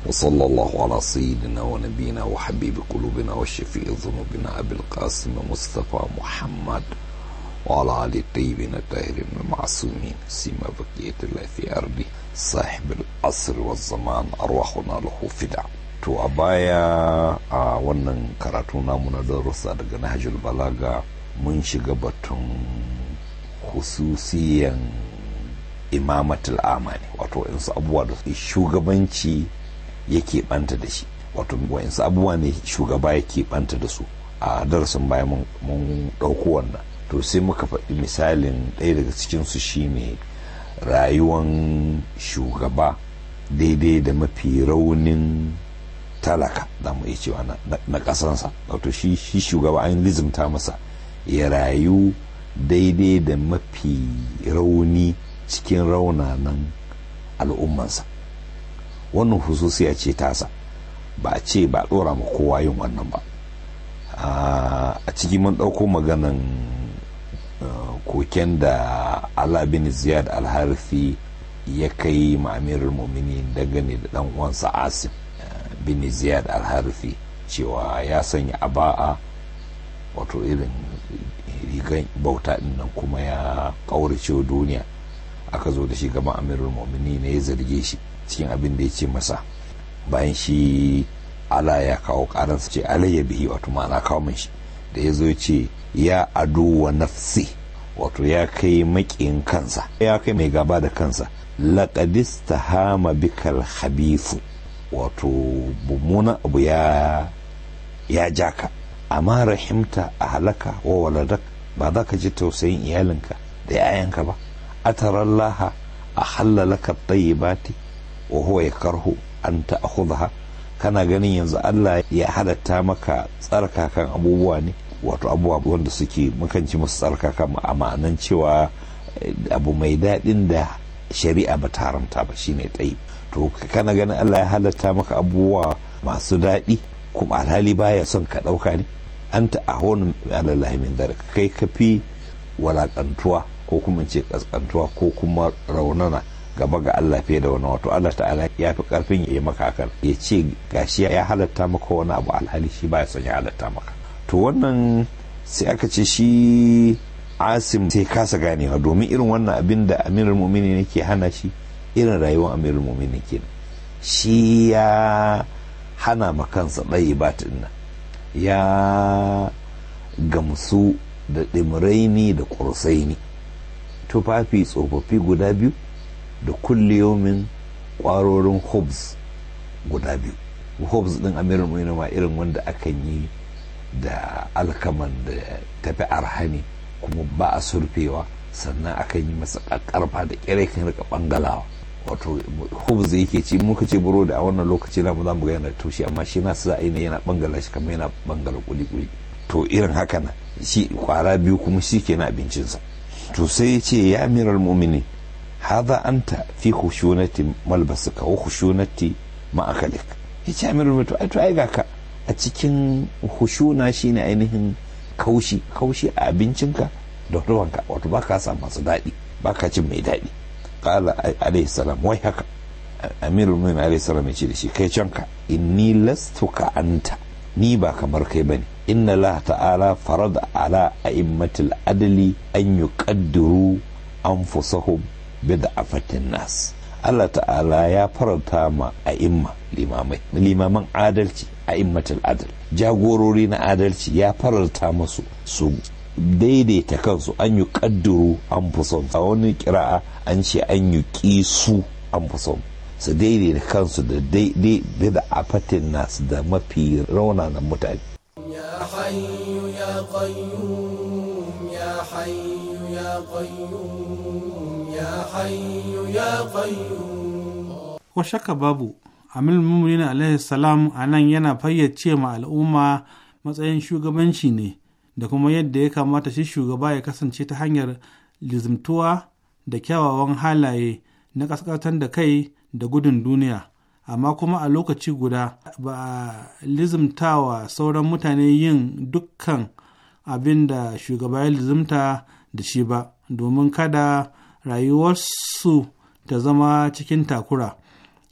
وصلى الله على سيدنا ونبينا وحبيب قلوبنا وشفيء ذنوبنا ابي القاسم مصطفى محمد وعلى آل الطيبين الطاهرين المعصومين سيما بقيه الله في ارضه صاحب العصر والزمان ارواحنا له فداء to a baya a wannan karatu namu na darussa daga nahjul balaga mun shiga batun hususiyan imamatul amani wato insu abubuwa da shugabanci ya keɓanta da shi wato wayansu abubuwa ne shugaba ya keɓanta da su a darasin baya mun ɗauko wannan to sai muka faɗi misalin ɗaya daga cikinsu shine rayuwan shugaba daidai da mafi raunin talaka za mu iya cewa na ƙasansa wato shi shugaba an lizimta masa ya rayu daidai da mafi rauni cikin raunanan al'ummansa wannan hususiya ce tasa ba a ce ba a dora ma kowa yin wannan ba a ciki mun ɗauko maganan eh, koken da ala bin ziyad alharfi ya kai ma'amirar mumini ne da dan uwansa asim eh, bin ziyad alharfi cewa ya sanya a ba'a wato irin rigan bauta nan kuma ya ƙaurace duniya aka zo da shi ga ma'amirar mumini ne ya zarge shi cikin abin da ya ce masa bayan shi ala ya kawo karansa ce alayya bihi wato ma'ana kawo min shi da ya zo ce ya ado wa nafsi wato ya kai makin kansa ya kai mai gaba da kansa laƙadis hama bikal habifu wato bumuna. abu ya ya jaka amma rahimta a halaka wa waladak ba za ka ji tausayin iyalinka da 'ya'yanka ba a atarallaha a hallalaka bati. wa huwa karho an ta'khudha kana ganin yanzu Allah ya halatta maka tsarkakan abubuwa ne wato abubuwa wanda suke makanci masu tsarkaka a ma'anan cewa eh, abu mai daɗin da shari'a ba haramta ba shine yi to kana ganin Allah ya halatta maka abubuwa masu daɗi kuma alhali baya son ka ɗauka ne an ta ahonu alallahi min dalik kai ka fi walaƙantuwa ko kuma ce ƙasƙantuwa ko kuma raunana gaba ga Allah fiye da wani wato Allah ta'ala ya fi karfin ya maka makakar ya ce gashi ya halatta maka wani abu alhali shi ba ya son ya halatta maka to wannan sai aka ce shi asim sai kasa ganewa domin irin wannan abin da amirul mumini yake hana shi irin rayuwar amirul mumini ke shi ya hana ma kansa ɗaya ba nan ya gamsu da ɗimraini da ƙursaini tufafi tsofaffi guda biyu da kulle yomin kwarorin hobbs guda biyu hobbs din amirin ma irin wanda akan yi da alkaman da tafi arhani kuma ba a surfewa sannan akan yi masa karfa da kere kan rika bangalawa wato hobbs yake ci muka ce buro da a wannan lokaci na za mu ga yana tushe amma shi na sa ne yana bangala shi kamar yana bangala kuli-kuli to irin haka na shi kwara biyu kuma shi kenan abincinsa to sai ya ce ya amiral mumini haza anta fi khushunati malbasika wa khushunati ma'akalik yace amirul mutu ai to ai ga ka a cikin hushuna shine ainihin kaushi kaushi a abincin ka da ruwanka wato baka sa masu daɗi baka cin mai daɗi qala alayhi salam wai haka amirul mu'minin alayhi salam yace da shi kai canka inni lastuka ka anta ni ba kamar kai bane inna allah ta'ala farada ala a'immatil adli an an anfusahum bid'afatin nas Allah ta'ala ya faranta ma a imma limamai limaman adalci a immatul adal jagorori na adalci ya faranta musu su daidaita kansu an yi kadduru an fuson a wani kira'a an ce an yi kisu an fuson su daidaita kansu da daidai da afatin nas da mafi rauna na mutane ya hayu ya qayyum ya hayu ya qayyum Wa shaka babu, Amil na Alayhi salam a nan yana fayyace ma al'umma matsayin shugabanci ne da kuma yadda ya kamata shi shugaba ya kasance ta hanyar lizimtuwa da kyawawan halaye na kaskatar da kai da gudun duniya. Amma kuma a lokaci guda ba a lizimtawa sauran mutane yin dukkan abin da shugaba ya lizimta da shi ba, domin kada rayuwarsu ta zama cikin takura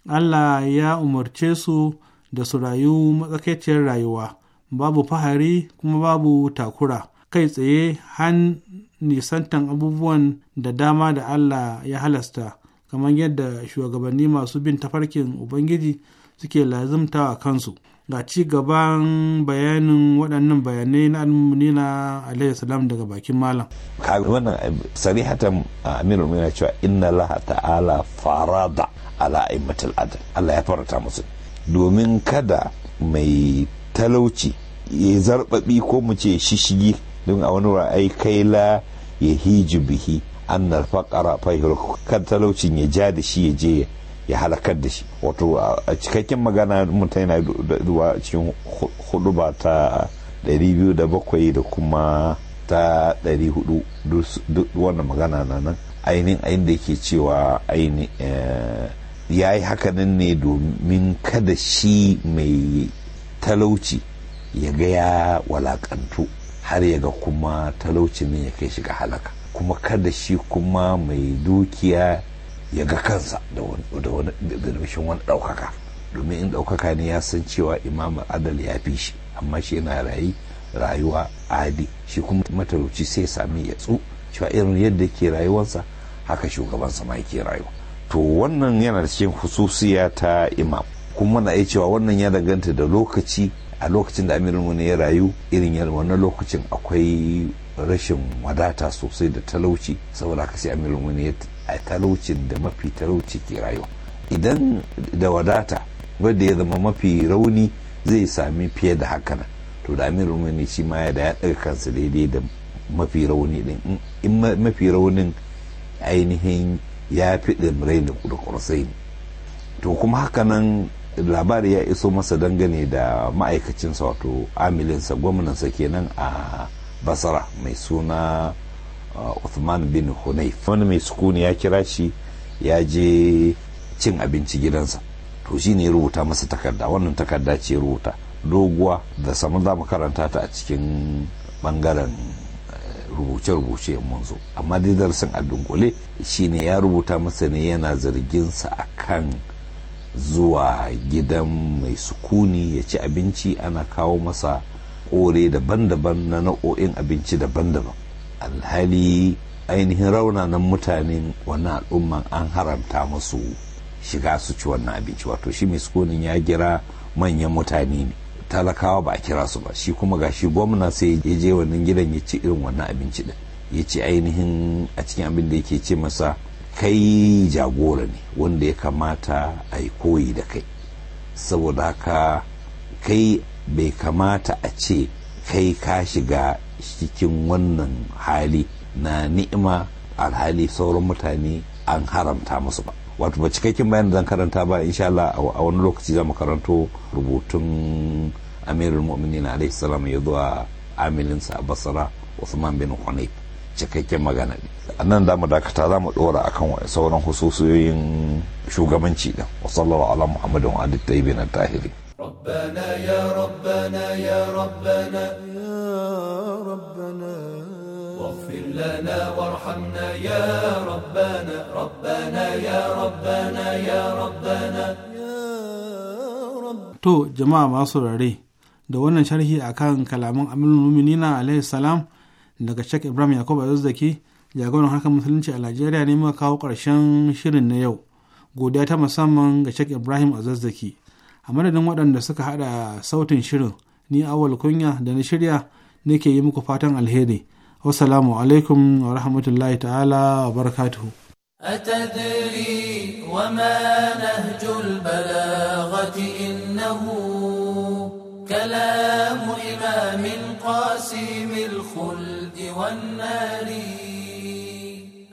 allah ya umarce su da su rayu matsakaiciyar rayuwa babu fahari kuma babu takura kai tsaye han nisantan abubuwan da dama da allah ya halasta kamar yadda shugabanni masu bin tafarkin ubangiji suke lazimtawa kansu ga ci gaban bayanin waɗannan bayanai na almunina alaihi salam daga bakin malam kaga wannan eh, sarihatan ah, aminu mai cewa inna allah ta'ala farada ala aimatul adal allah ya farata musu domin kada mai talauci ya zarbabi ko mu ce shishigi don a wani ra'ayi kai la ya hiji bihi annal faqara fa kan talaucin ya ja da shi ya je ya halakar da shi wato a cikakken magana mutum yana duba cikin hudu ba ta 207 da kuma ta 400 duk wannan magana na nan ainihin ainihin da ke cewa ainihin eh, ya yi hakanan ne domin kada shi mai talauci ya ga ya walakantu har ya ga kuma talauci ne ya kai shiga halaka kuma kada shi kuma mai dukiya ya ga kansa da wani garbishin wani ɗaukaka domin in ɗaukaka ne ya san cewa imamu adal ya fi shi amma shi yana rayi rayuwa adi shi kuma matalauci sai sami ya tsu cewa irin yadda ke rayuwansa haka shugabansa ma yake rayuwa to wannan yana cikin hususiya ta imam kuma na iya cewa wannan ya danganta da lokaci a lokacin da amir muminin ya rayu irin yana wannan lokacin akwai rashin wadata sosai da talauci saboda kasi amir muminin ya talaucin da mafi talauci ke rayuwa idan da wadata wadda ya zama mafi rauni zai sami fiye da hakanan to da amir muminin shi ma ya da ya ɗaga kansa daidai da mafi rauni din in mafi raunin ainihin ya fi ɗin rai da kurasai to kuma hakanan labari ya iso masa dangane da ma'aikacinsa wato amilinsa gwamnansa kenan a basara mai suna uh, Uthman bin Hunayf wani mai sukuni ya kira shi ya je cin abinci gidansa to shi ne rubuta masa takarda wannan takarda ce rubuta doguwa da sama za mu karanta ta a cikin bangaren uh, rubuce-rubuce mun zo amma dai darasin a dunkule shine ya rubuta masa ne yana zarginsa sa akan zuwa gidan mai sukuni ya ci abinci ana kawo masa kore daban-daban na nau'o'in abinci daban-daban alhali ainihin raunanan mutanen wani al'umman an haramta masu shiga su ci wannan abinci wato shi mai sukunin ya gira manyan mutane ne talakawa ba a kira su ba shi kuma ga shi gwamna sai ya je wannan gidan ya ci irin wannan abinci din ya ci ainihin a cikin abin da yake ce masa kai jagora ne wanda ya kamata a yi koyi da kai saboda haka kai bai kamata a ce kai ka shiga cikin wannan hali na ni'ima alhali sauran mutane an haramta musu ba wato ba cikakken bayan zan karanta ba insha Allah a wani lokaci za mu karanto rubutun amirul mu'minin alaihi salam ya zuwa amilinsa a basra usman bin hunayf cikakken magana a nan da mu dakata za mu dora akan sauran hususiyoyin shugabanci din wa sallallahu ala muhammadu wa ali tayyibin tahiri ربنا ya ربنا ya ربنا يا ربنا واغفر لنا وارحمنا يا ربنا ربنا يا ربنا يا ربنا to jama'a masu rare da wannan sharhi akan kalaman amilul mu'minina alaihi salam daga shek Ibrahim Yakubu Azuzzaki jagoran harkar musulunci a Najeriya ne muka kawo ƙarshen shirin na yau. Godiya ta musamman ga shek Ibrahim Azuzzaki. A madadin waɗanda suka haɗa sautin shirin ni awal kunya da na shirya nake yi muku fatan alheri. Wassalamu alaikum wa rahmatullahi ta'ala wa barakatuhu. أتدري وما نهج البلاغة إنه كلام إمام والنار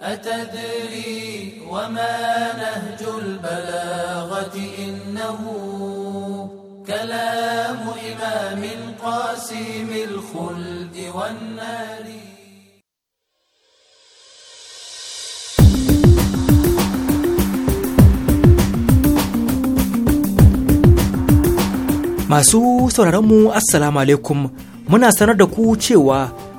أتدري وما نهج البلاغة إنه كلام إمام قاسم الخلد والنار Masu sauraronmu, Assalamu alaikum, muna sanar da ku cewa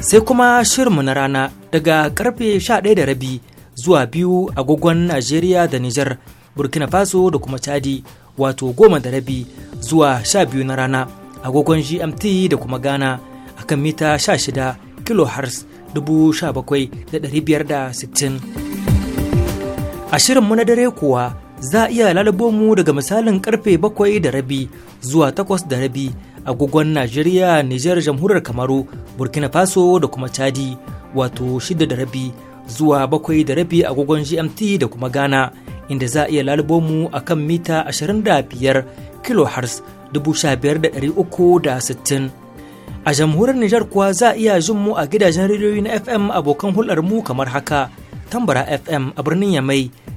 sai kuma shirinmu na rana daga karfe 11 da rabi zuwa biyu agogon Najeriya da Nijar Burkina Faso da kuma Chadi wato goma da rabi zuwa sha biyu na rana agogon GMT da kuma Ghana akan mita 16 da 17,560 a shirinmu na dare kuwa za a iya lalabo mu daga misalin karfe bakwai da rabi zuwa takwas da rabi agogon Najeriya, Nijar, Jamhuriyar Kamaru, Burkina Faso da kuma Chadi, wato shida da rabi zuwa bakwai da rabi agogon GMT da kuma Ghana, inda za a iya lalabo mu a kan mita 25 kHz 15,360. A jamhuriyar Nijar kuwa za a iya jin mu a gidajen rediyoyi na FM abokan hulɗar mu kamar haka, Tambara FM a birnin Yamai,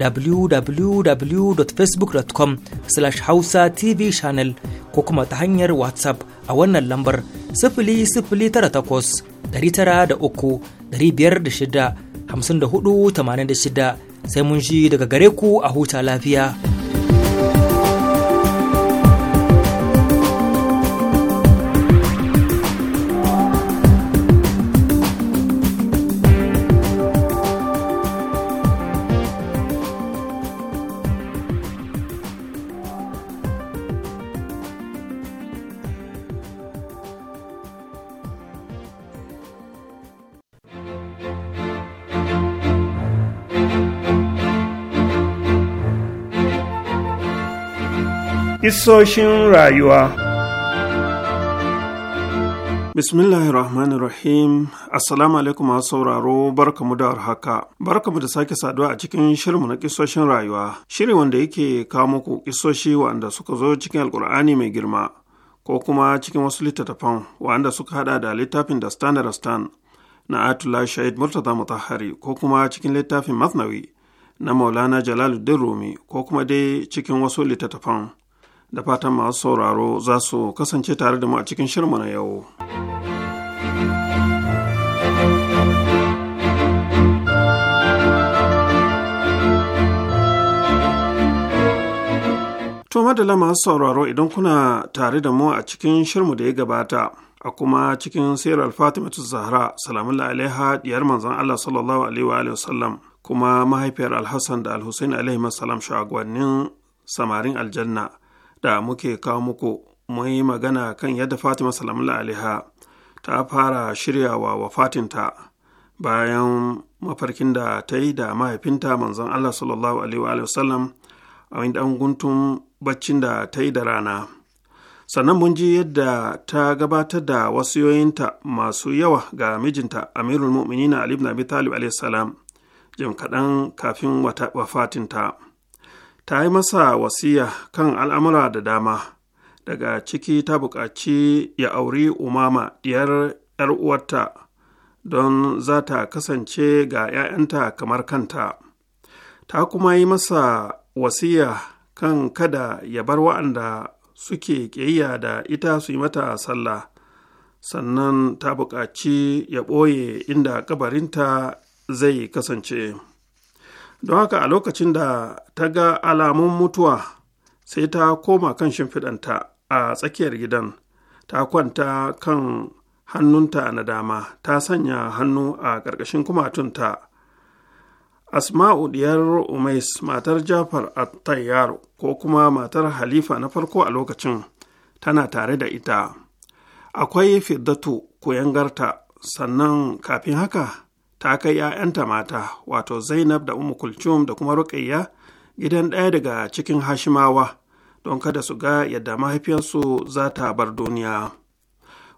www.facebook.com slash hausa tv channel ko kuma ta hanyar whatsapp a wannan lambar sifili sifili da takwas tara biyar da shida sai mun shi daga gare ku a huta lafiya. hissoshin rayuwa Rahim, Assalamu alaikum masu sauraro barkamu da barka barkamu da sake saduwa a cikin shirinmu na kisoshin rayuwa shiri wanda yake kawo muku kisoshi wanda suka zo cikin alkur'ani mai girma ko kuma cikin wasu littattafan wanda suka hada da littafin da standard stand na Atula Shahid Murtaza Mutahari ko kuma cikin littafin Masnawi na Maulana Jalaluddin Rumi ko kuma dai cikin wasu littattafan da fatan masu sauraro za su kasance tare da mu a cikin shirmu na yau. To madala masu sauraro idan kuna tare da mu a cikin shirmu da ya gabata a kuma cikin sirar Fatimatu Zahra salamun alaiha diyar manzon Allah sallallahu alaihi wa kuma mahaifiyar Alhassan da Alhussein alaihi salam shagwannin samarin aljanna da muke kawo muku mun yi magana kan yadda fatima salamu alaiha ta fara shiryawa wa fatinta, bayan mafarkin da ta yi da mahaifinta manzon allah sallallahu alaihi sallam a wani dan guntun baccin da ta yi da rana sannan mun ji yadda ta gabatar da wasu yoyinta masu yawa ga mijinta amirul mu'minina ali ibn abi talib alaihi salam jim kaɗan kafin wafatinta ta yi masa wasiya kan al'amura da dama daga ciki ta buƙaci ya auri umama ɗiyar ‘yar uwarta don za ta kasance ga ‘ya'yanta kamar kanta ta kuma yi masa wasiya kan kada ya bar wa'anda suke ƙiyayya da ita su yi mata sallah sannan ta buƙaci ya ɓoye inda kabarinta zai kasance. don haka a lokacin da ta ga alamun mutuwa sai ta koma kan shimfiɗanta a tsakiyar gidan ta kwanta kan hannunta na dama ta sanya hannu a ƙarƙashin kumatunta asma'u diyar umais matar jafar a tayyar ko kuma matar halifa na farko a lokacin tana tare da ita akwai fiddatu koyangarta sannan kafin haka ta kai 'ya'yanta mata wato zainab da umu kulcum da kuma ruqayya gidan ɗaya daga cikin hashimawa don kada su ga yadda mahaifiyarsu za ta bar duniya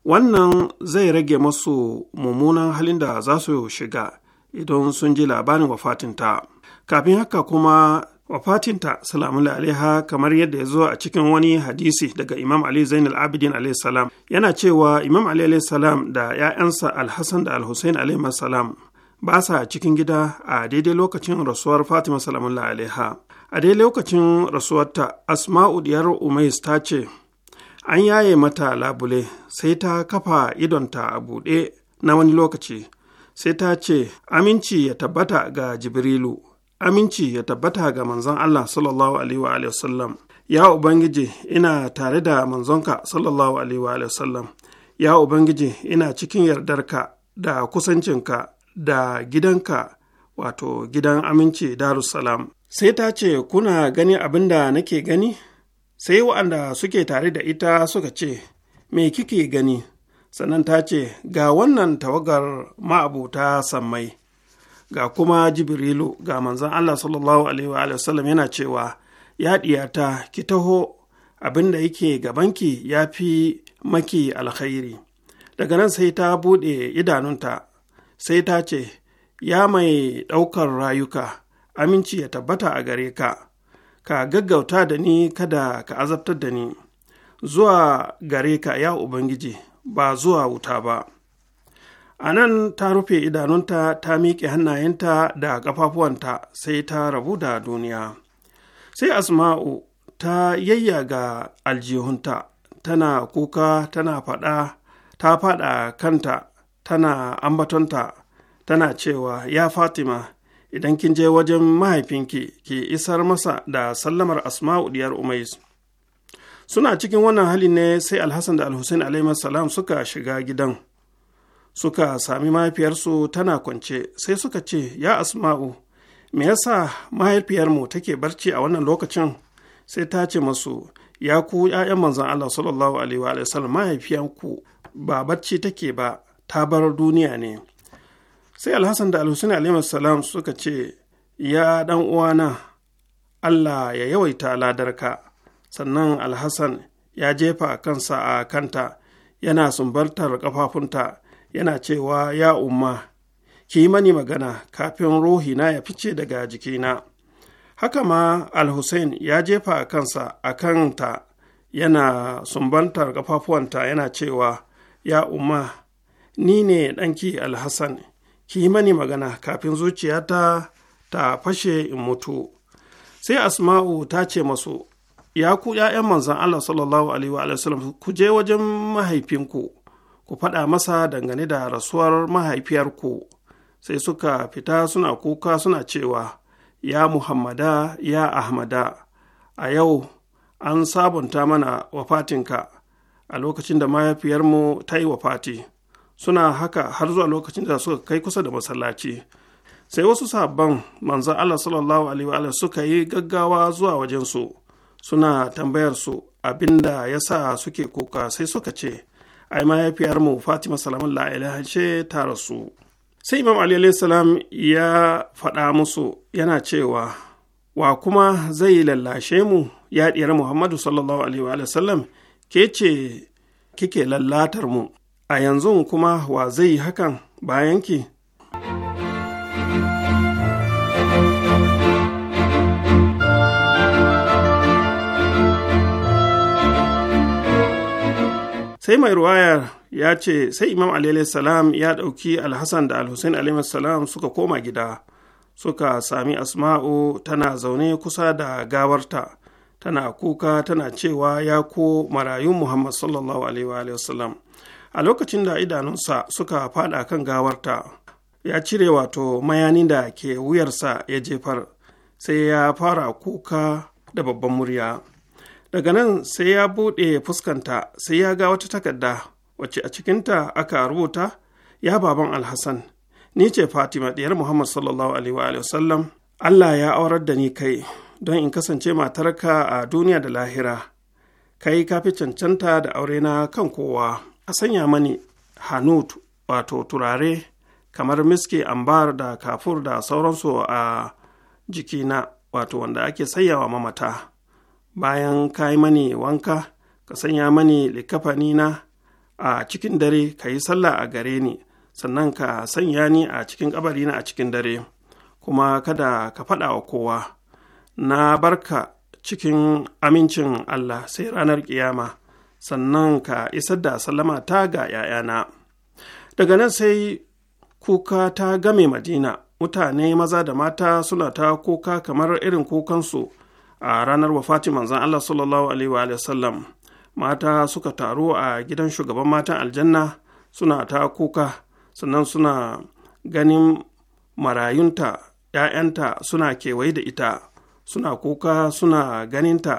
wannan zai rage masu mummunan halin da za su shiga idan sun ji labarin wafatinta kafin haka kuma wafatinta salamu alaiha kamar yadda ya zo a cikin wani hadisi daga imam ali zainal abidin alaihi salam yana cewa imam ali alaihi salam da 'ya'yansa alhassan da alhussein alaihi salam ba sa cikin gida a daidai lokacin rasuwar fatima salamullah alaiha a daidai lokacin rasuwarta asma'u diyar umais ta ce an yaye mata labule sai ta kafa idonta a buɗe na wani lokaci sai ta ce aminci ya tabbata ga jibrilu aminci ya tabbata ga manzon allah sallallahu alaihi wa sallam. ya ubangiji ina tare da manzonka sallallahu alaihi wa sallam ya ubangiji ina cikin yardarka da kusancinka da gidanka wato gidan aminci darussalam sai ta ce kuna gani abin da nake gani sai waɗanda suke tare da ita suka ce me kike gani sannan ta ce ga wannan tawagar ma'abuta sammai ga kuma jibrilu ga manzan allah sallallahu alaihi wa sallam yana cewa ya ɗiyata ki taho abin da yake gabanki ya fi maki alkhairi daga nan sai ta buɗe idanunta sai ta ce ya mai ɗaukar rayuka aminci ya tabbata a gare ka ka gaggauta da ni kada ka azabtar da ni zuwa gare ka ya ubangiji ba zuwa wuta ba a nan ta rufe idanunta ta miƙe hannayenta da ƙafafuwanta sai ta rabu da duniya sai asma'u ta yayya ga aljihunta tana kuka tana faɗa ta faɗa kanta tana ambatonta tana cewa ya fatima idan kin je wajen mahaifinki ki isar masa da sallamar asma'u diyar umais suna cikin wannan hali ne sai alhassan da alhussein salam suka shiga gidan suka sami mahaifiyarsu tana kwance sai suka ce ya asma'u me yasa mahaifiyarmu take barci a wannan lokacin sai ta ce masu ya ku 'ya'yan manzan allah sallallahu alaihi wa sallam mahaifiyanku ba barci take ba ta bar duniya ne sai alhassan da alhussani alaihi salam suka ce ya dan uwana allah ya yawaita ladarka sannan alhassan ya jefa kansa a kanta yana sumbartar kafafunta, yana cewa ya umma ki yi mani magana kafin ruhina ya fice daga jikina haka ma alhussein ya jefa kansa a kanta yana sumbantar ƙafafuwanta yana cewa ya umma ni ne ɗanki alhassan ki yi mani magana kafin zuciyata ta fashe in mutu sai asma'u ta ce masu ya ku ‘ya'yan manzan Allah sallallahu alaihi wa sallam ku je wajen mahaifinku ku faɗa masa dangane da rasuwar mahaifiyarku sai suka fita suna kuka suna cewa ya muhammada ya ahmada a yau an sabunta mana wafatinka a lokacin da mahaifiyarmu ta yi wafati suna haka har zuwa lokacin da suka kai kusa da masallaci sai wasu sabon manzan Allah sallallahu alaihi wa suka yi gaggawa zuwa wajen su suna tambayar su abinda yasa suke kuka sai suka ce ai mahaifiyar mu Fatima salamun la ce ta rasu sai Imam Ali salam ya faɗa musu yana cewa wa kuma zai lallashe mu ya Muhammadu sallallahu alaihi wa sallam ke ce kike lallatar mu a yanzu kuma wa zai yi hakan bayan ki sai mai ruwayar ya ce sai imam alaihi salam ya ɗauki alhassan da alhussein alaihi salam suka koma gida suka sami asma'u tana zaune kusa da gawarta tana kuka tana cewa ya ko marayun muhammad sallallahu alaihi a lokacin da idanunsa suka fada kan gawarta ya cire wato mayanin da ke wuyarsa ya jefar sai ya fara kuka da babban murya daga nan sai ya buɗe fuskanta sai ya ga wata takarda wacce a cikinta aka rubuta ya baban alhassan ni ce fatima ɗiyar muhammad sallallahu alaihi wa allah ya aurar da ni kai don in kasance matarka a duniya da lahira kai ka fi cancanta da aure na kan kowa a sanya mani hanut wato turare kamar miski ambar da kafur da sauransu a jikina wato wanda ake sayawa mamata bayan ka yi mani wanka ka sanya mani likafanina a cikin dare ka yi sallah a gare ni sannan ka sanya ni a cikin kabarina a cikin dare kuma kada ka faɗa wa kowa na barka cikin amincin Allah sai ranar ƙiyama sannan ka isar da sallama ta ga ‘ya'yana. Daga nan sai kuka ta game Madina, mutane maza da mata suna ta kuka kamar irin kukansu a ranar wafati manzan Allah sallallahu Alaihi wasallam. Mata suka taru a gidan shugaban matan aljanna suna ta kuka, sannan suna ganin marayunta, ‘ya'yanta suna kewaye da ita, suna kuka suna ganinta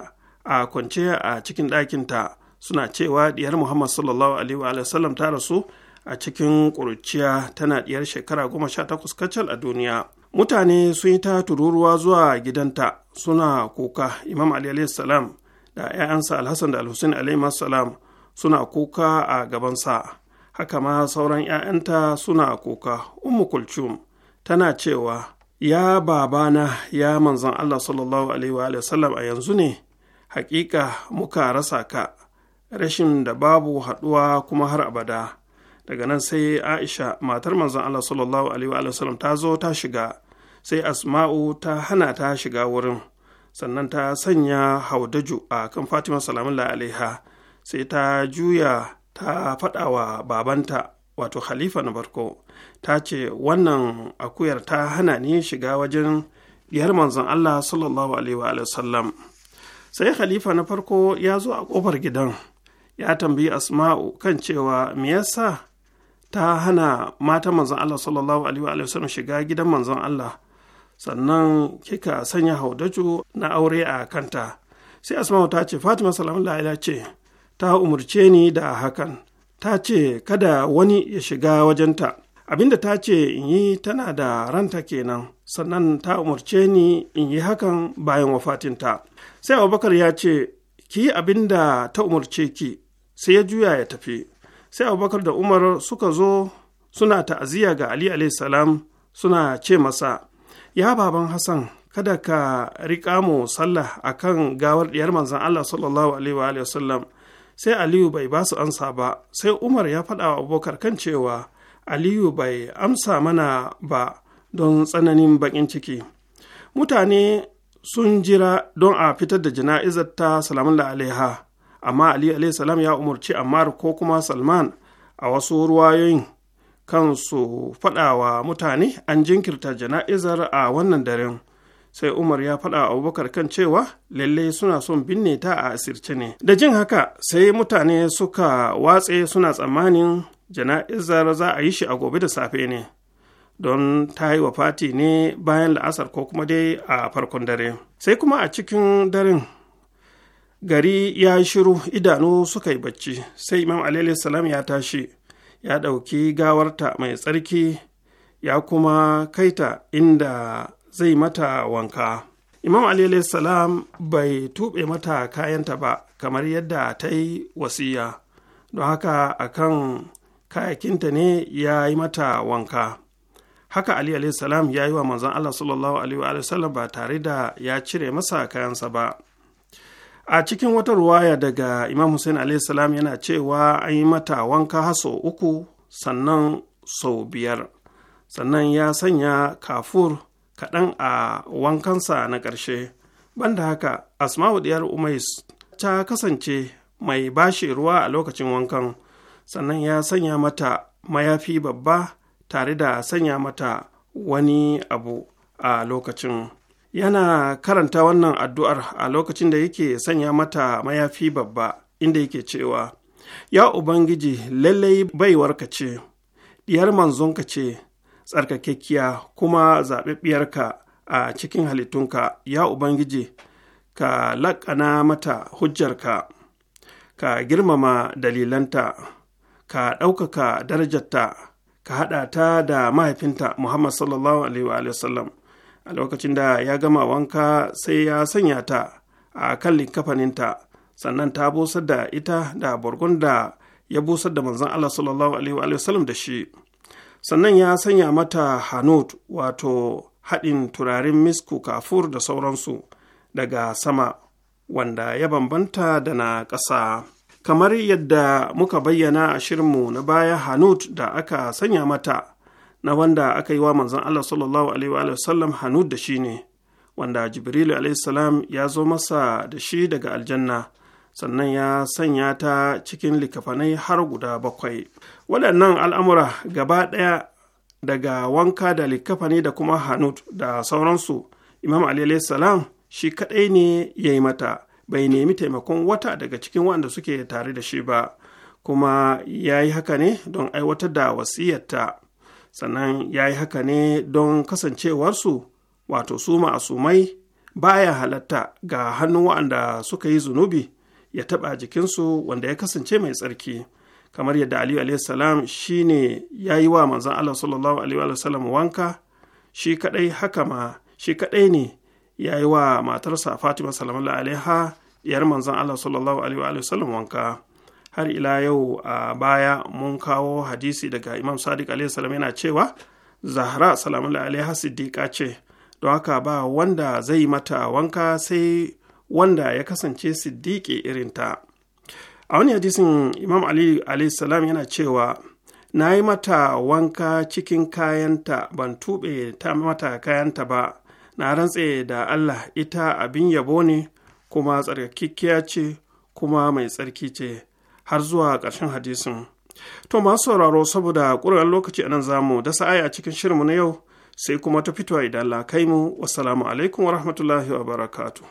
a kwance a cikin ɗakinta. suna cewa diyar muhammad sallallahu alaihi wa sallam ta rasu a cikin ƙuruciya tana diyar shekara goma sha takwas kacal a duniya mutane sun yi ta tururuwa zuwa gidanta suna kuka imam ali salam da 'ya'yansa alhassan da alhussein alaihi salam suna kuka a gabansa haka ma sauran 'ya'yanta suna kuka Umu kulcum tana cewa ya babana ya manzan allah sallallahu alaihi wa sallam a yanzu ne hakika muka rasa ka rashin da babu haɗuwa kuma har abada daga nan sai aisha matar manzon allah sallallahu alaihi wa sallam ta zo ta shiga sai asma'u ta hana ta shiga wurin sannan ta sanya haudaju a kan fatima salamullah alaiha sai ta juya ta faɗa wa babanta wato khalifa na farko ta ce wannan akuyar ta hana ni shiga wajen diyar manzon allah sallallahu alaihi wa sallam sai khalifa na farko ya zo a ƙofar gidan ya tambayi asma'u kan cewa me yasa ta hana mata manzon Allah sallallahu alaihi wa sallam shiga gidan manzon Allah sannan kika sanya haudaju na aure a kanta sai asma'u ta ce fatima salamun la'ila ce ta umarce ni da hakan ta ce kada wani ya shiga wajenta abinda ta ce in yi tana da ranta kenan sannan ta umarce ni in yi hakan bayan wafatinta sai abubakar ya ce ki yi abin da ta umarce ki sai ya juya ya tafi sai abubakar da umar suka zo suna ta'aziyya ga ali salam suna ce masa ya baban hassan kada ka riƙa mu sallah a kan gawar ɗiyar manzan allah sallallahu alaihi wa sallam sai aliyu bai ba su ansa ba sai umar ya faɗa wa abubakar kan cewa aliyu bai amsa mana ba don tsananin baƙin ciki mutane sun jira don a fitar da jana'izar ta salamun alaiha amma ali salam ya umarci ammar ko kuma salman a wasu ruwayoyin kan su faɗa wa mutane an jinkirta jana'izar a wannan daren sai umar ya faɗa abubakar kan cewa lallai suna son binne ta a asirce ne da jin haka sai mutane suka watse suna tsammanin jana'izar za a yi shi a gobe da safe ne don ta yi wa fati ne bayan la'asar ko kuma dai a farkon dare sai kuma a cikin daren gari ya shiru idanu suka yi bacci sai imam alaihi salam ya tashi ya ɗauki gawarta mai tsarki ya kuma kaita inda zai mata wanka imam alaihi salam bai tuɓe mata kayanta ba kamar yadda ta yi wasiya don haka akan kayakinta ne ya yi mata wanka haka ali alaihi salam ya yi wa manzon allah sallallahu alaihi wa sallam ba tare da ya cire masa kayansa ba a cikin wata ruwaya daga imam hussein salam yana cewa an yi mata wanka haso uku sannan sau biyar sannan ya sanya kafur kaɗan a wankansa na ƙarshe banda haka asma'u diyar umais ta kasance mai bashi ruwa a lokacin wankan sannan ya sanya mata mayafi babba tare da sanya mata wani abu a lokacin yana karanta wannan addu'ar a lokacin da yake sanya mata mayafi babba inda yake cewa ya ubangiji lallai baiwarka ce diyar manzonka ce tsarkakekkiya kuma zaɓaɓɓiyarka a cikin halittunka ya ubangiji ka laƙana mata hujjarka ka girmama dalilanta ka ɗaukaka darajarta ka haɗa ta da mahaifinta muhammad sallallahu alaihi wa a lokacin da ya gama wanka sai ya sanya ta a kan likafaninta sannan ta busar da ita da borgon da ya busar da manzan Allah sallallahu alaihi wasallam da shi sannan ya sanya mata hanut wato haɗin turarin misku kafur da sauransu daga sama wanda ya bambanta da na ƙasa kamar yadda muka bayyana a shirinmu na baya hanut da aka sanya mata na wanda aka yi wa manzon Allah sallallahu alaihi wa sallam hanud da shi ne wanda Jibrilu alaihi salam ya zo masa da shi daga aljanna sannan ya sanya ta cikin likafanai har guda bakwai waɗannan al'amura gaba ɗaya daga wanka da likafani da kuma hanud da sauransu imam ali salam shi kaɗai ne ya yi mata bai nemi taimakon wata daga cikin wanda suke tare da shi ba kuma ya yi haka ne don aiwatar da wasiyarta sannan ya yi haka ne don kasancewarsu wato su ma'asumai baya halatta ga hannu waɗanda suka yi zunubi ya taɓa jikinsu wanda ya kasance mai tsarki kamar yadda aliyu alaihissalam shi ne ya yi wa manzan allah sallallahu alaihi sallam wanka shi kaɗai haka ma shi kaɗai ne ya yi wa matarsa fatima salamu alaiha yar manzan allah sallallahu alaihi sallam wanka har ila yau a baya mun kawo hadisi daga imam sadiq alaihi yana cewa zahra salamu alaihi siddiqa ce don haka ba wanda zai mata wanka sai wanda ya kasance siddiƙi irinta a wani hadisin imam ali alaihi yana cewa na yi mata wanka cikin kayanta ban tuɓe ta mata kayanta ba na rantse da allah ita abin yabo ne kuma tsarkakkiya ce kuma mai tsarki ce har zuwa ƙarshen hadisin to masu sauraro saboda ƙuran lokaci a nan zamu da sa'aya a cikin shirinmu na yau sai kuma ta fitowa idan la kai mu wasalamu alaikum wa rahmatullahi wa barakatuh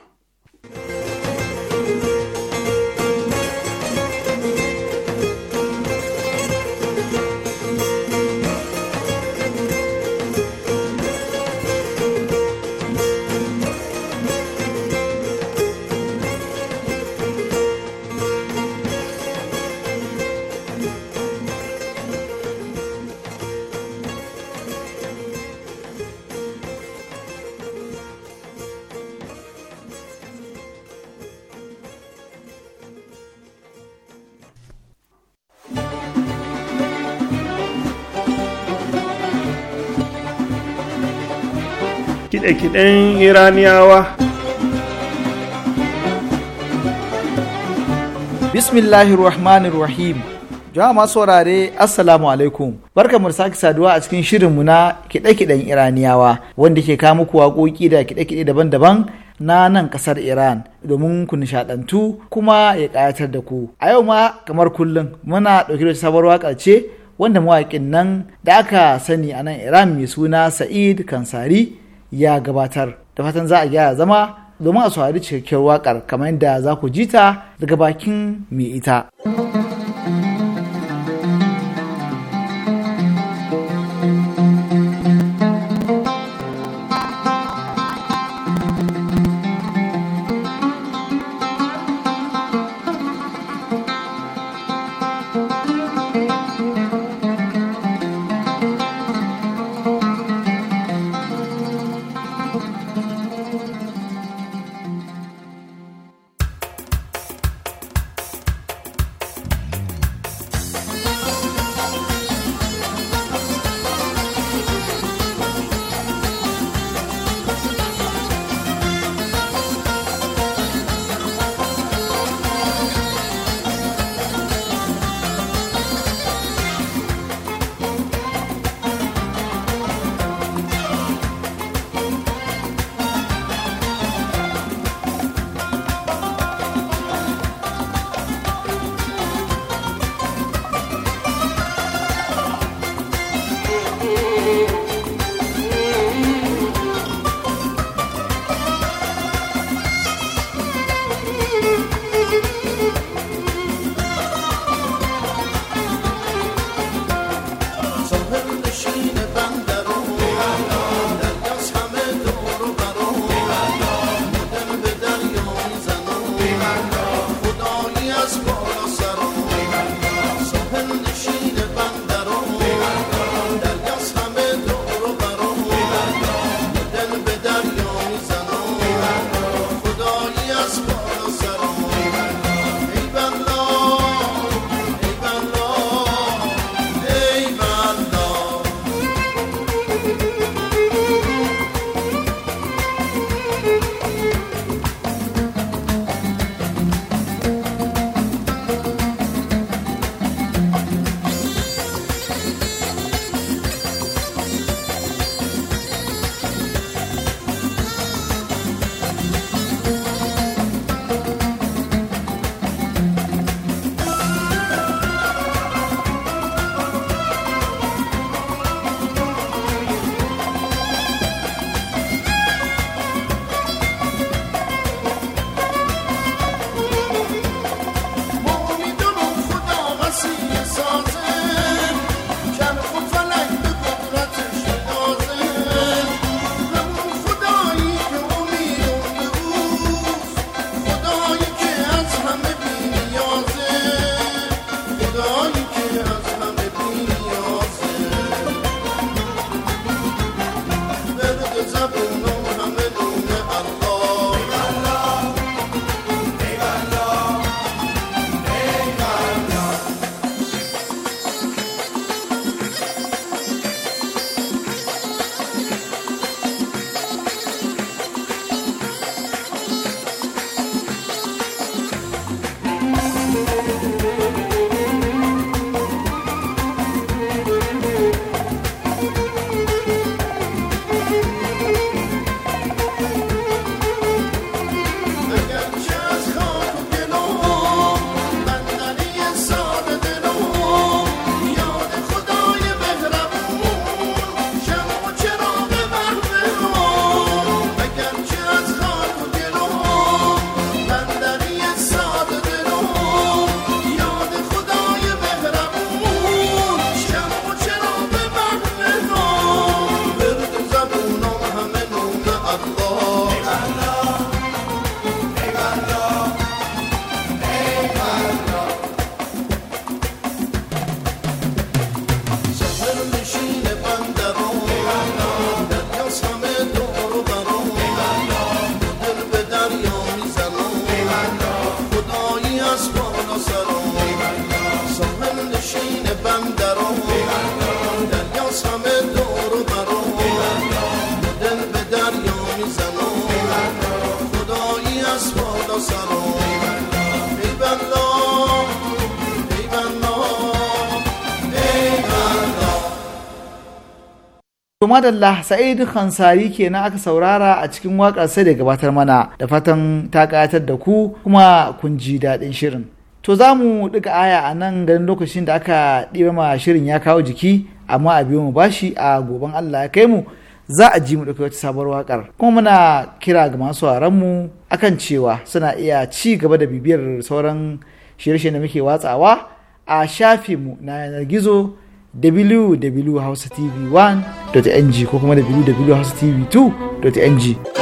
kiɗe-kiɗen iraniyawa bismillahir rahmanir rahim jama'a masu saurare assalamu alaikum barka mu sake saduwa a cikin shirinmu na kiɗe-kiɗen iraniyawa wanda ke kawo muku waƙoƙi da kiɗe-kiɗe daban-daban na nan ƙasar Iran domin ku nishadantu kuma ya ƙayatar da ku. A yau ma kamar kullum muna ɗauke da sabuwar waƙar ce wanda mawaƙin nan da aka sani a nan Iran mai suna Sa'id Kansari ya gabatar da fatan za a gyara zama domin a saurari cikakkiyar waƙar kamar yadda za ku ji ta daga bakin mai ita. madalla sa'id khansari kenan aka saurara a cikin waƙar sai da gabatar mana da fatan ta ƙayatar da ku kuma kun ji daɗin shirin to za mu ɗiga aya a nan ganin lokacin da aka ɗiba ma shirin ya kawo jiki amma a biyo mu bashi a goben allah ya kai mu za a ji mu ɗauki wata sabuwar waƙar kuma muna kira ga masu mu akan cewa suna iya ci gaba da bibiyar sauran shirye-shiryen da muke watsawa a shafinmu na yanar gizo www.hausatv1.ng ko kuma www.hausatv2.ng.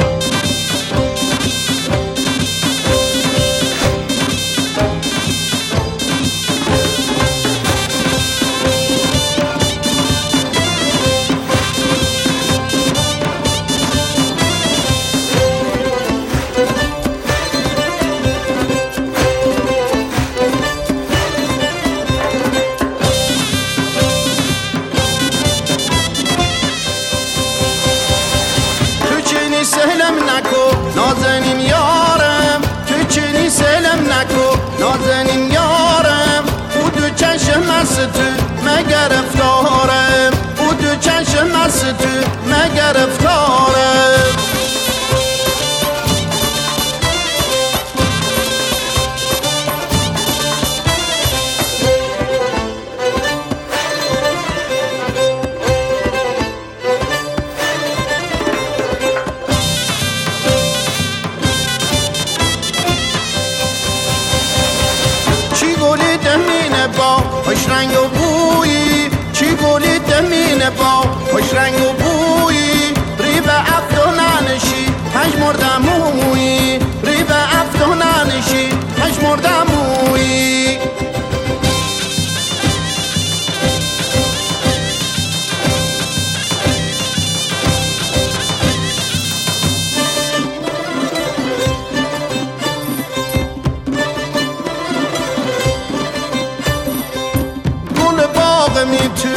می تو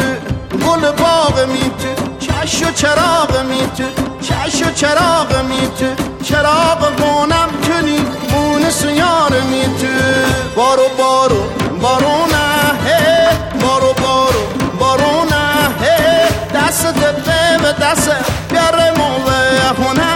گل باغ می تو چش و چراغ می تو چش و چراغ می تو چراغ گونم کنی مون سیار می تو بارو بارو بارو نه بارو بارو بارو نه دست دفه و دست بیاره موله خونه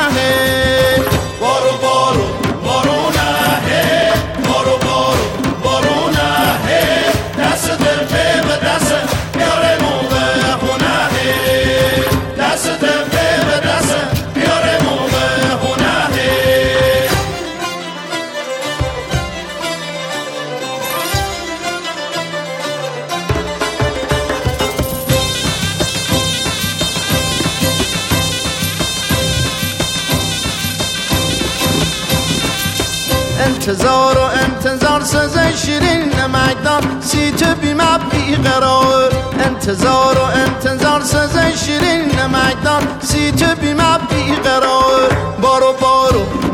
انتظار و انتظار سزن شیرین نمکدار سی تو بیمه بیقرار بارو بارو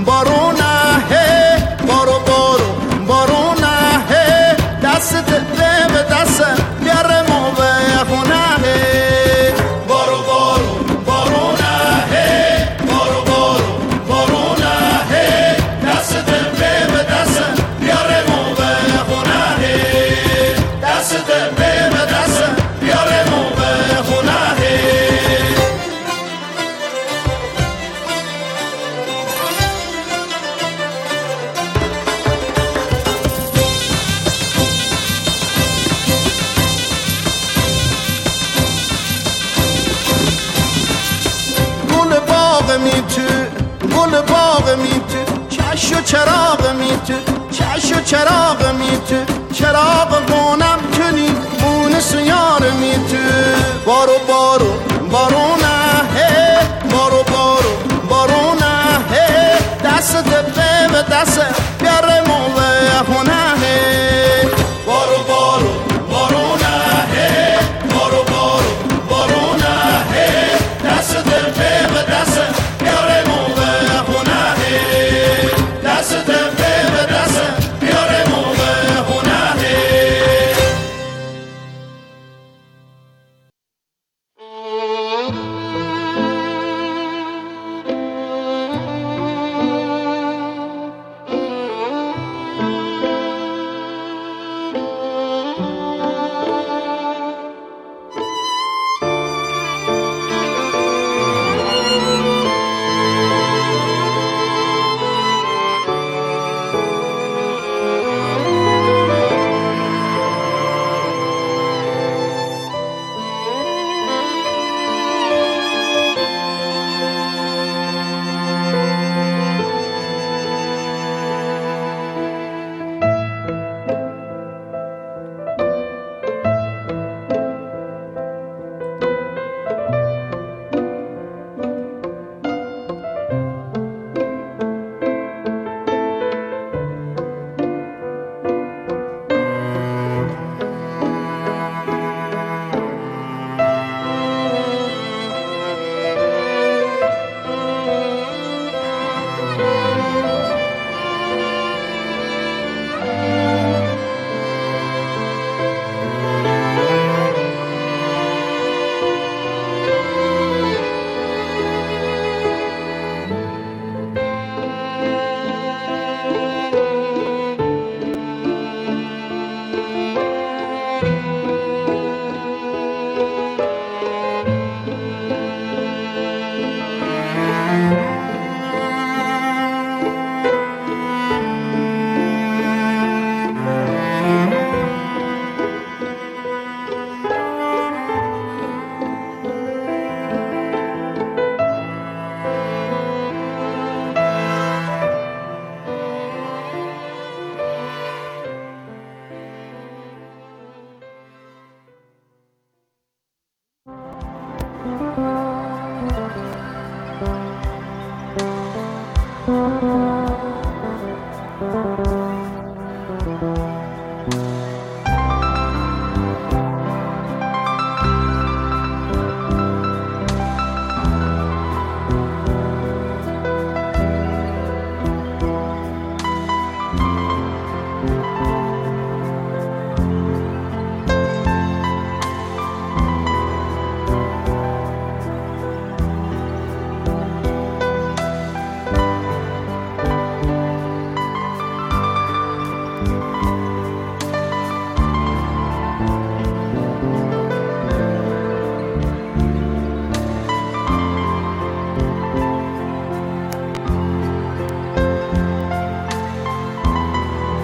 چراغ می تو چراغ خونم کنی مونس یار می بارو بارو بارو نه بارو بارو بارو نه دست دفه و دست